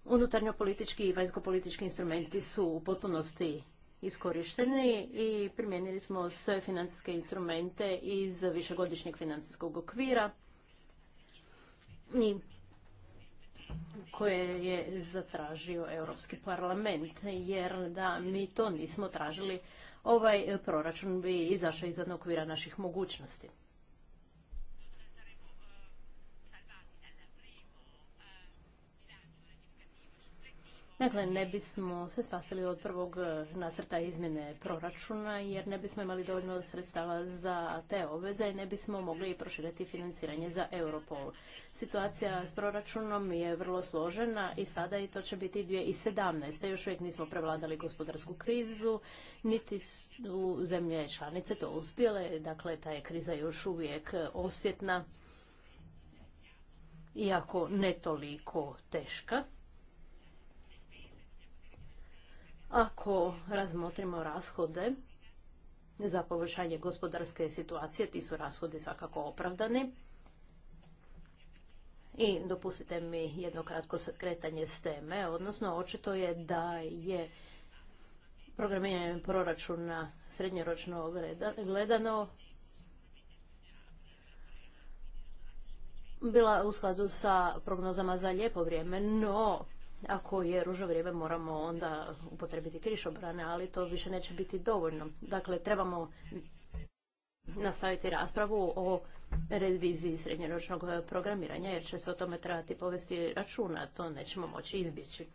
unutarnjopolitički i vanjskopolitički instrumenti su u potpunosti iskorišteni i primijenili smo sve financijske instrumente iz višegodišnjeg financijskog okvira koje je zatražio Europski parlament, jer da mi to nismo tražili, ovaj proračun bi izašao jednog okvira naših mogućnosti. Dakle, ne bismo se spasili od prvog eh, nacrta izmjene proračuna jer ne bismo imali dovoljno sredstava za te obveze i ne bismo mogli proširiti financiranje za Europol. Situacija s proračunom je vrlo složena i sada i to će biti 2017. Još uvijek nismo prevladali gospodarsku krizu, niti su zemlje članice to uspjele. Dakle, ta je kriza još uvijek eh, osjetna, iako ne toliko teška. Ako razmotrimo rashode za poboljšanje gospodarske situacije, ti su rashodi svakako opravdani. I dopustite mi jedno kratko kretanje s teme, odnosno očito je da je programiranje proračuna srednjoročno gledano bila u skladu sa prognozama za lijepo vrijeme, no ako je ružo vrijeme moramo onda upotrebiti krišobrane, ali to više neće biti dovoljno. Dakle, trebamo nastaviti raspravu o reviziji srednjoročnog programiranja, jer će se o tome trebati povesti računa, to nećemo moći izbjeći.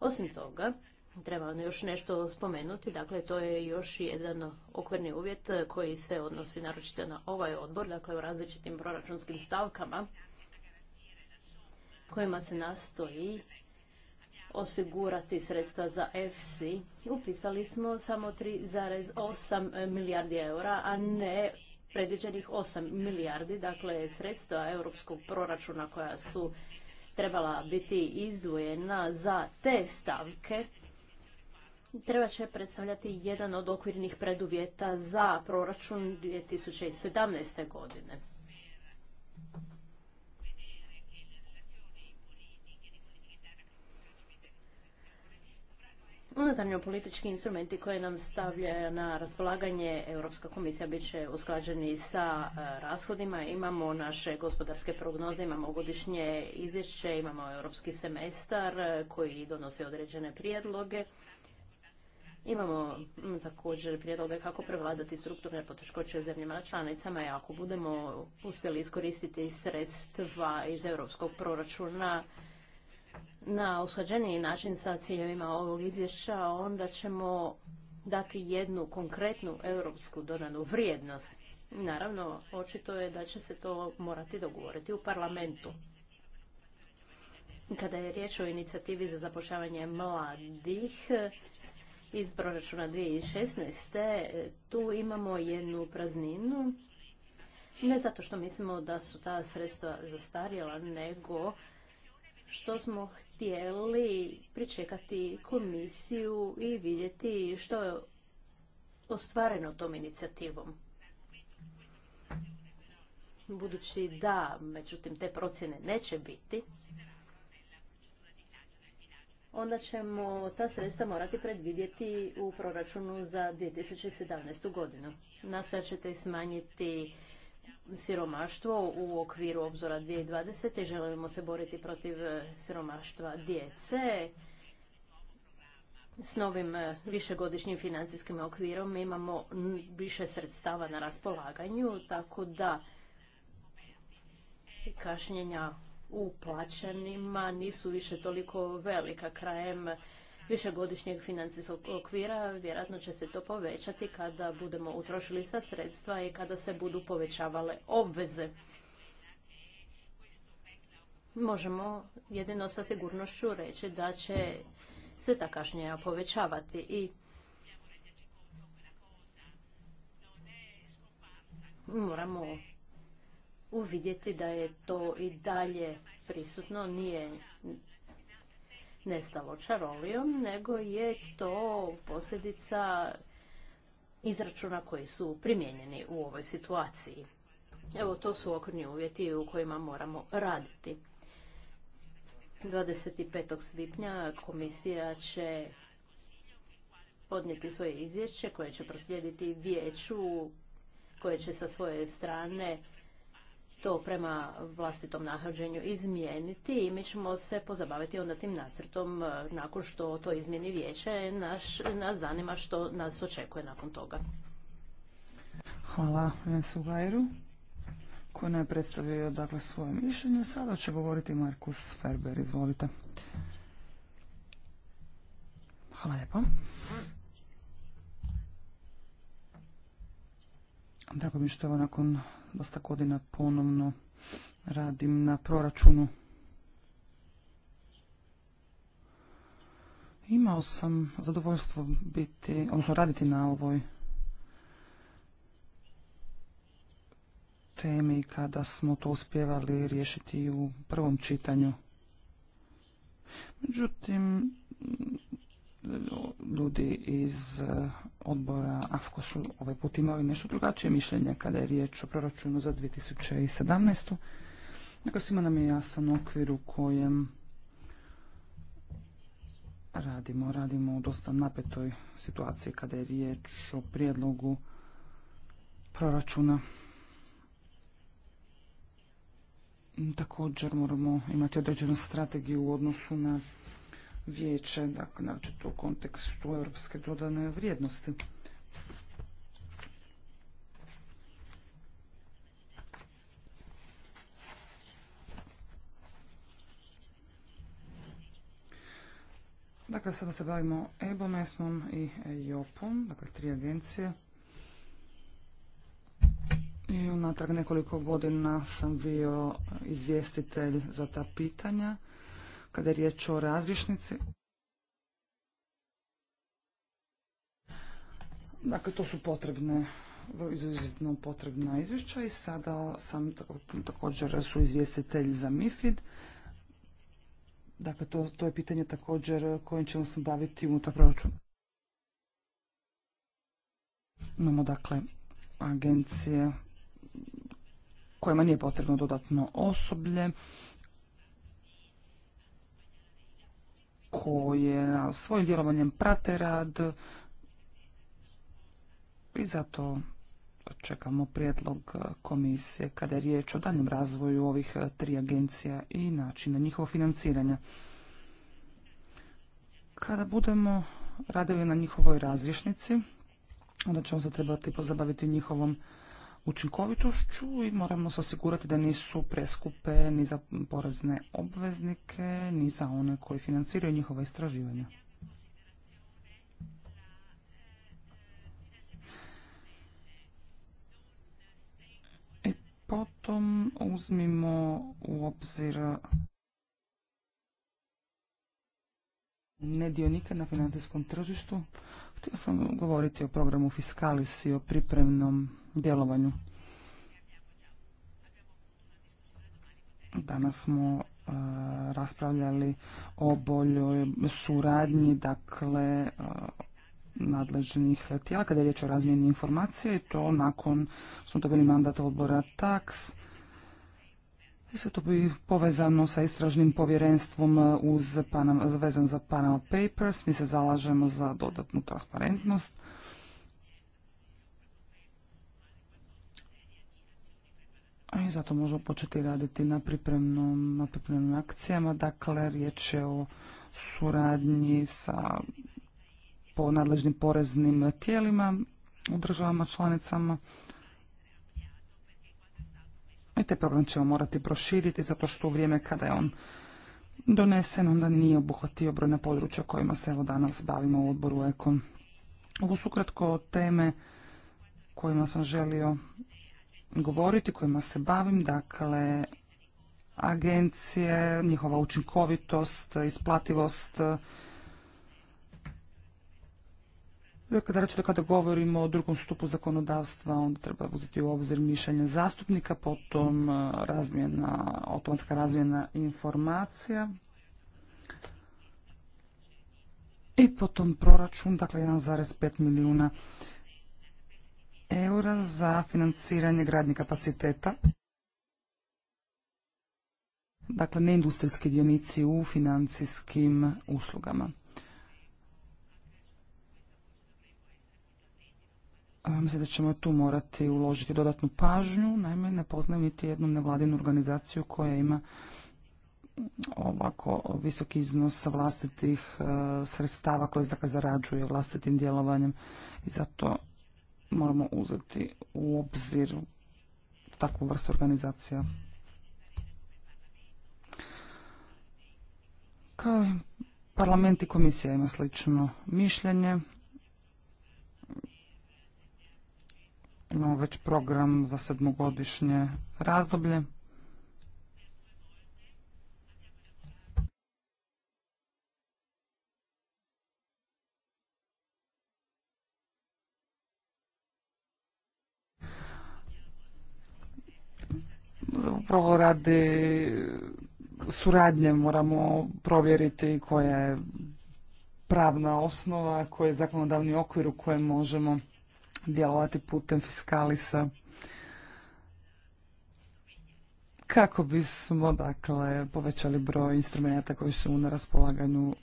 Osim toga, treba još nešto spomenuti, dakle to je još jedan okvirni uvjet koji se odnosi naročito na ovaj odbor, dakle u različitim proračunskim stavkama kojima se nastoji osigurati sredstva za EFSI, upisali smo samo 3,8 milijardi eura, a ne predviđenih 8 milijardi, dakle sredstva europskog proračuna koja su trebala biti izdvojena za te stavke, treba će predstavljati jedan od okvirnih preduvjeta za proračun 2017. godine. Unutarnjo politički instrumenti koje nam stavlja na raspolaganje Europska komisija bit će usklađeni sa e, rashodima. Imamo naše gospodarske prognoze, imamo godišnje izvješće, imamo europski semestar e, koji donosi određene prijedloge. Imamo također prijedloge kako prevladati strukturne poteškoće u zemljama članicama i ako budemo uspjeli iskoristiti sredstva iz europskog proračuna na usklađeniji način sa ciljevima ovog izvješća, onda ćemo dati jednu konkretnu europsku dodanu vrijednost. Naravno, očito je da će se to morati dogovoriti u parlamentu. Kada je riječ o inicijativi za zapošljavanje mladih iz proračuna 2016. tu imamo jednu prazninu. Ne zato što mislimo da su ta sredstva zastarjela, nego što smo htjeli pričekati komisiju i vidjeti što je ostvareno tom inicijativom. Budući da, međutim, te procjene neće biti, onda ćemo ta sredstva morati predvidjeti u proračunu za 2017. godinu. Nastojat ćete smanjiti siromaštvo u okviru obzora 2020. Želimo se boriti protiv e, siromaštva djece. S novim e, višegodišnjim financijskim okvirom imamo više sredstava na raspolaganju, tako da kašnjenja u plaćanjima nisu više toliko velika krajem višegodišnjeg financijskog okvira. Vjerojatno će se to povećati kada budemo utrošili sa sredstva i kada se budu povećavale obveze. Možemo jedino sa sigurnošću reći da će se ta kašnjenja povećavati i moramo uvidjeti da je to i dalje prisutno, nije nestalo čarolijom, nego je to posljedica izračuna koji su primijenjeni u ovoj situaciji. Evo, to su okvirni uvjeti u kojima moramo raditi. 25. svibnja komisija će podnijeti svoje izvješće koje će proslijediti vijeću koje će sa svoje strane to prema vlastitom nahađenju izmijeniti i mi ćemo se pozabaviti onda tim nacrtom e, nakon što to izmijeni vijeće. Naš, nas zanima što nas očekuje nakon toga. Hvala Gajru koji je predstavio dakle, svoje mišljenje. Sada će govoriti Markus Ferber. Izvolite. Hvala lijepo. Drago mi što je nakon dosta godina ponovno radim na proračunu. Imao sam zadovoljstvo biti, odnosno raditi na ovoj temi kada smo to uspjevali riješiti u prvom čitanju. Međutim, ljudi iz e, odbora AFKO su ovaj put imali nešto drugačije mišljenje kada je riječ o proračunu za 2017. Dakle, svima nam je jasan okvir u kojem radimo. Radimo u dosta napetoj situaciji kada je riječ o prijedlogu proračuna. Također moramo imati određenu strategiju u odnosu na vijeće, dakle, naročito u kontekstu europske dodane vrijednosti. Dakle, sada se bavimo Ebomesnom i EIOPom, dakle tri agencije. I unatrag nekoliko godina sam bio izvjestitelj za ta pitanja kada je riječ o različnici. Dakle, to su potrebne, izuzetno potrebna izvješća i sada sam također su izvjestitelj za MIFID. Dakle, to, je pitanje također kojim ćemo se baviti unutar proračuna. Imamo dakle agencije kojima nije potrebno dodatno osoblje. koje svojim djelovanjem prate rad i zato čekamo prijedlog komisije kada je riječ o danjem razvoju ovih tri agencija i načina njihovog financiranja. Kada budemo radili na njihovoj razrišnici, onda ćemo se trebati pozabaviti njihovom učinkovitošću i moramo se osigurati da nisu preskupe ni za porezne obveznike, ni za one koji financiraju njihova istraživanja. I potom uzmimo u obzir nedionike na financijskom tržištu. Htio sam govoriti o programu Fiskalis i o pripremnom djelovanju. Danas smo e, raspravljali o boljoj suradnji, dakle, e, nadležnih tijela kada je riječ o razmjeni informacija i to nakon smo dobili mandat odbora TAX i e sve to bi povezano sa istražnim povjerenstvom e, uz vezan za Panama Papers. Mi se zalažemo za dodatnu transparentnost. I zato možemo početi raditi na pripremnom, na pripremnim akcijama. Dakle, riječ je o suradnji sa po nadležnim poreznim tijelima u državama članicama. I taj ćemo morati proširiti zato što u vrijeme kada je on donesen onda nije obuhvatio brojna područja kojima se evo danas bavimo u odboru EKO. Ovo su kratko teme kojima sam želio govoriti, kojima se bavim, dakle agencije, njihova učinkovitost, isplativost, Dakle, kada govorimo o drugom stupu zakonodavstva, onda treba uzeti u obzir mišljenje zastupnika, potom e, razmjena, automatska razmjena informacija i potom proračun, dakle 1,5 milijuna eura za financiranje gradnje kapaciteta. Dakle, neindustrijski dionici u financijskim uslugama. Mislim da ćemo tu morati uložiti dodatnu pažnju. Naime, ne poznajem niti jednu nevladinu organizaciju koja ima ovako visoki iznos vlastitih e, sredstava koje dakle, zarađuje vlastitim djelovanjem i zato moramo uzeti u obzir takvu vrstu organizacija. Kao i parlament i komisija ima slično mišljenje. Imamo već program za sedmogodišnje razdoblje. Zapravo radi suradnje moramo provjeriti koja je pravna osnova, koji je zakonodavni okvir u kojem možemo djelovati putem fiskalisa kako bismo dakle povećali broj instrumenata koji su na raspolaganju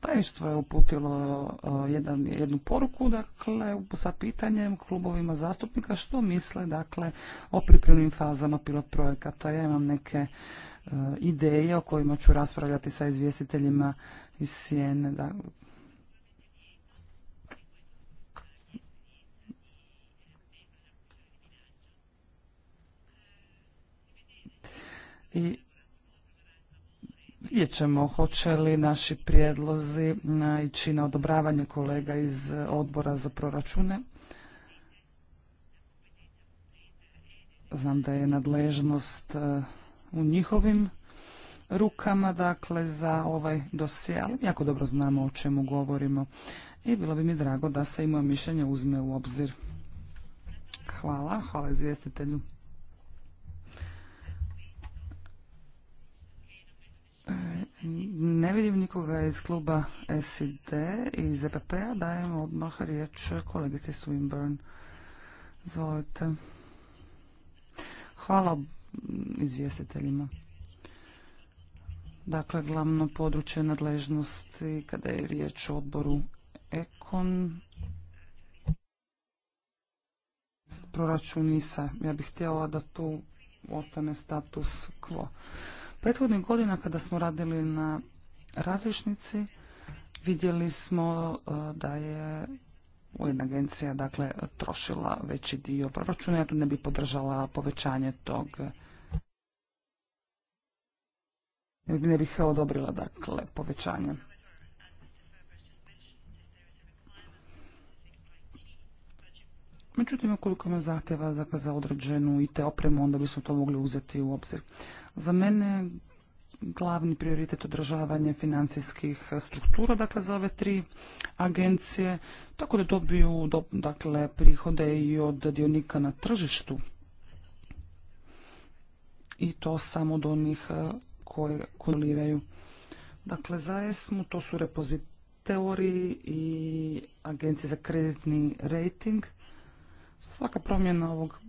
tajništvo je uputilo e, jedan, jednu poruku dakle sa pitanjem klubovima zastupnika što misle dakle o pripremnim fazama pilot projekata ja imam neke e, ideje o kojima ću raspravljati sa izvjestiteljima iz sjene da, i vidjet ćemo hoće li naši prijedlozi naići na odobravanje kolega iz odbora za proračune. Znam da je nadležnost e, u njihovim rukama, dakle, za ovaj dosje, ali jako dobro znamo o čemu govorimo i bilo bi mi drago da se i moje mišljenje uzme u obzir. Hvala, hvala izvjestitelju. Ne vidim nikoga iz kluba SID i ZPP-a. Dajem odmah riječ kolegici Swinburne. Izvolite. Hvala izvjestiteljima. Dakle, glavno područje nadležnosti kada je riječ o odboru Ekon. Proračun NISA. Ja bih htjela da tu ostane status quo. Prethodnih godina kada smo radili na različnici. Vidjeli smo e, da je Ujedna agencija dakle, trošila veći dio proračuna. Ja tu ne bi podržala povećanje tog ne bih odobrila dakle povećanje. Međutim, ukoliko ima zahtjeva dakle, za određenu IT opremu, onda bismo to mogli uzeti u obzir. Za mene glavni prioritet održavanje financijskih struktura, dakle za ove tri agencije, tako da dobiju dakle, prihode i od dionika na tržištu i to samo od onih e, koje kontroliraju. Dakle, za ESMU to su repozitori i agencije za kreditni rating. Svaka promjena ovog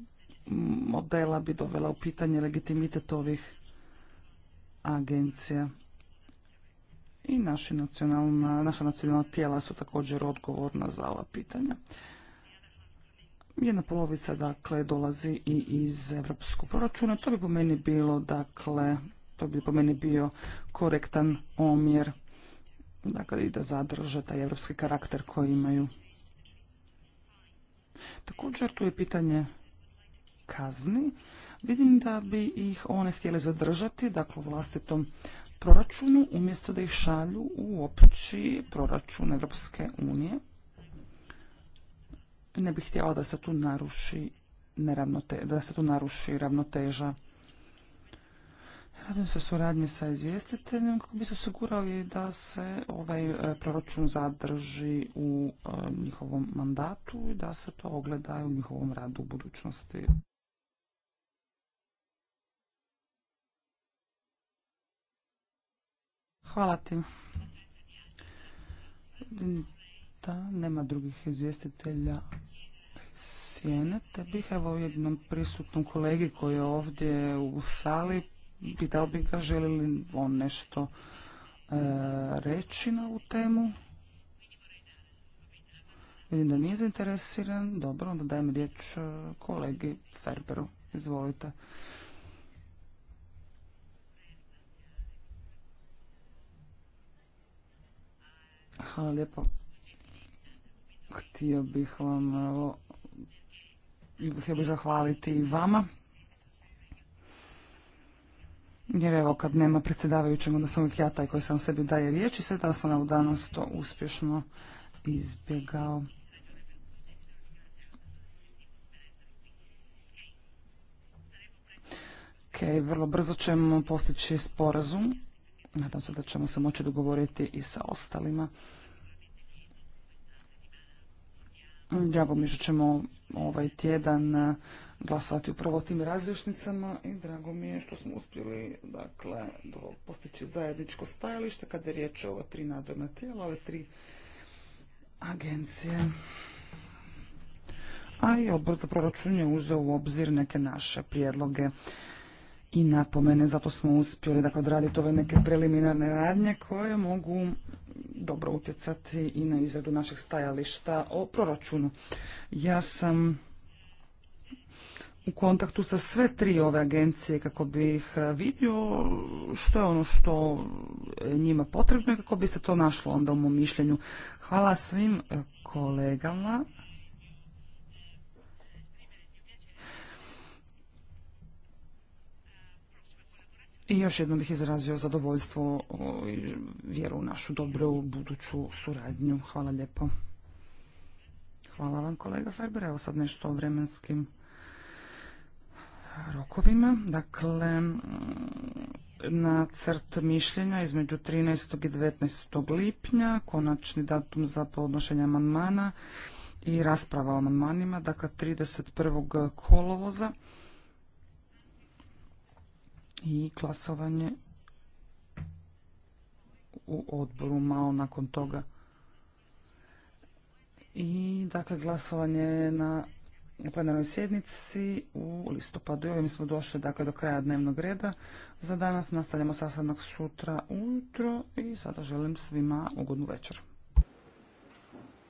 modela bi dovela u pitanje legitimitet ovih agencija i naša nacionalna tijela su također odgovorna za ova pitanja. Jedna polovica dakle dolazi i iz europskog proračuna. To bi po meni bilo dakle, to bi po meni bio korektan omjer dakle, i da zadrže taj europski karakter koji imaju. Također tu je pitanje kazni. Vidim da bi ih one htjele zadržati, dakle u vlastitom proračunu, umjesto da ih šalju u opći proračun Evropske unije. Ne bih htjela da se tu naruši da se tu naruši ravnoteža. Radim se suradnje sa izvjestiteljem kako bi se osigurali da se ovaj e, proračun zadrži u e, njihovom mandatu i da se to ogleda u njihovom radu u budućnosti. Hvala ti. Da, nema drugih izvjestitelja sjene, te bih evo jednom prisutnom kolegi koji je ovdje u sali, pitao bih ga želi li on nešto e, reći na ovu temu. Vidim da nije zainteresiran. Dobro, onda dajem riječ e, kolegi Ferberu. Izvolite. Hvala lijepo. Htio bih vam htio bih zahvaliti i vama. Jer evo kad nema predsjedavajućeg onda sam uvijek ja taj koji sam sebi daje riječ i da sam evo danas to uspješno izbjegao. Ok, vrlo brzo ćemo postići sporazum. Nadam se da ćemo se moći dogovoriti i sa ostalima. Mm, drago mi što ćemo ovaj tjedan e, glasovati upravo o tim različnicama i drago mi je što smo uspjeli dakle, postići zajedničko stajalište kada je riječ o ova tri nadzorna tijela, ove tri agencije. A i odbor za proračunje uzeo u obzir neke naše prijedloge i napomene, zato smo uspjeli dakle, odraditi ove neke preliminarne radnje koje mogu dobro utjecati i na izradu našeg stajališta o proračunu. Ja sam u kontaktu sa sve tri ove agencije kako bih eh, vidio što je ono što njima potrebno i kako bi se to našlo onda u mom mišljenju. Hvala svim eh, kolegama I još jednom bih izrazio zadovoljstvo i vjeru u našu dobru buduću suradnju. Hvala lijepo. Hvala vam kolega Ferber. Evo sad nešto o vremenskim rokovima. Dakle, na crt mišljenja između 13. i 19. lipnja, konačni datum za podnošenje amandmana i rasprava o amandmanima, dakle 31. kolovoza i glasovanje u odboru malo nakon toga. I dakle glasovanje na plenarnoj sjednici u listopadu. I ovim smo došli dakle do kraja dnevnog reda. Za danas nastavljamo sastanak sutra ujutro i sada želim svima ugodnu večer.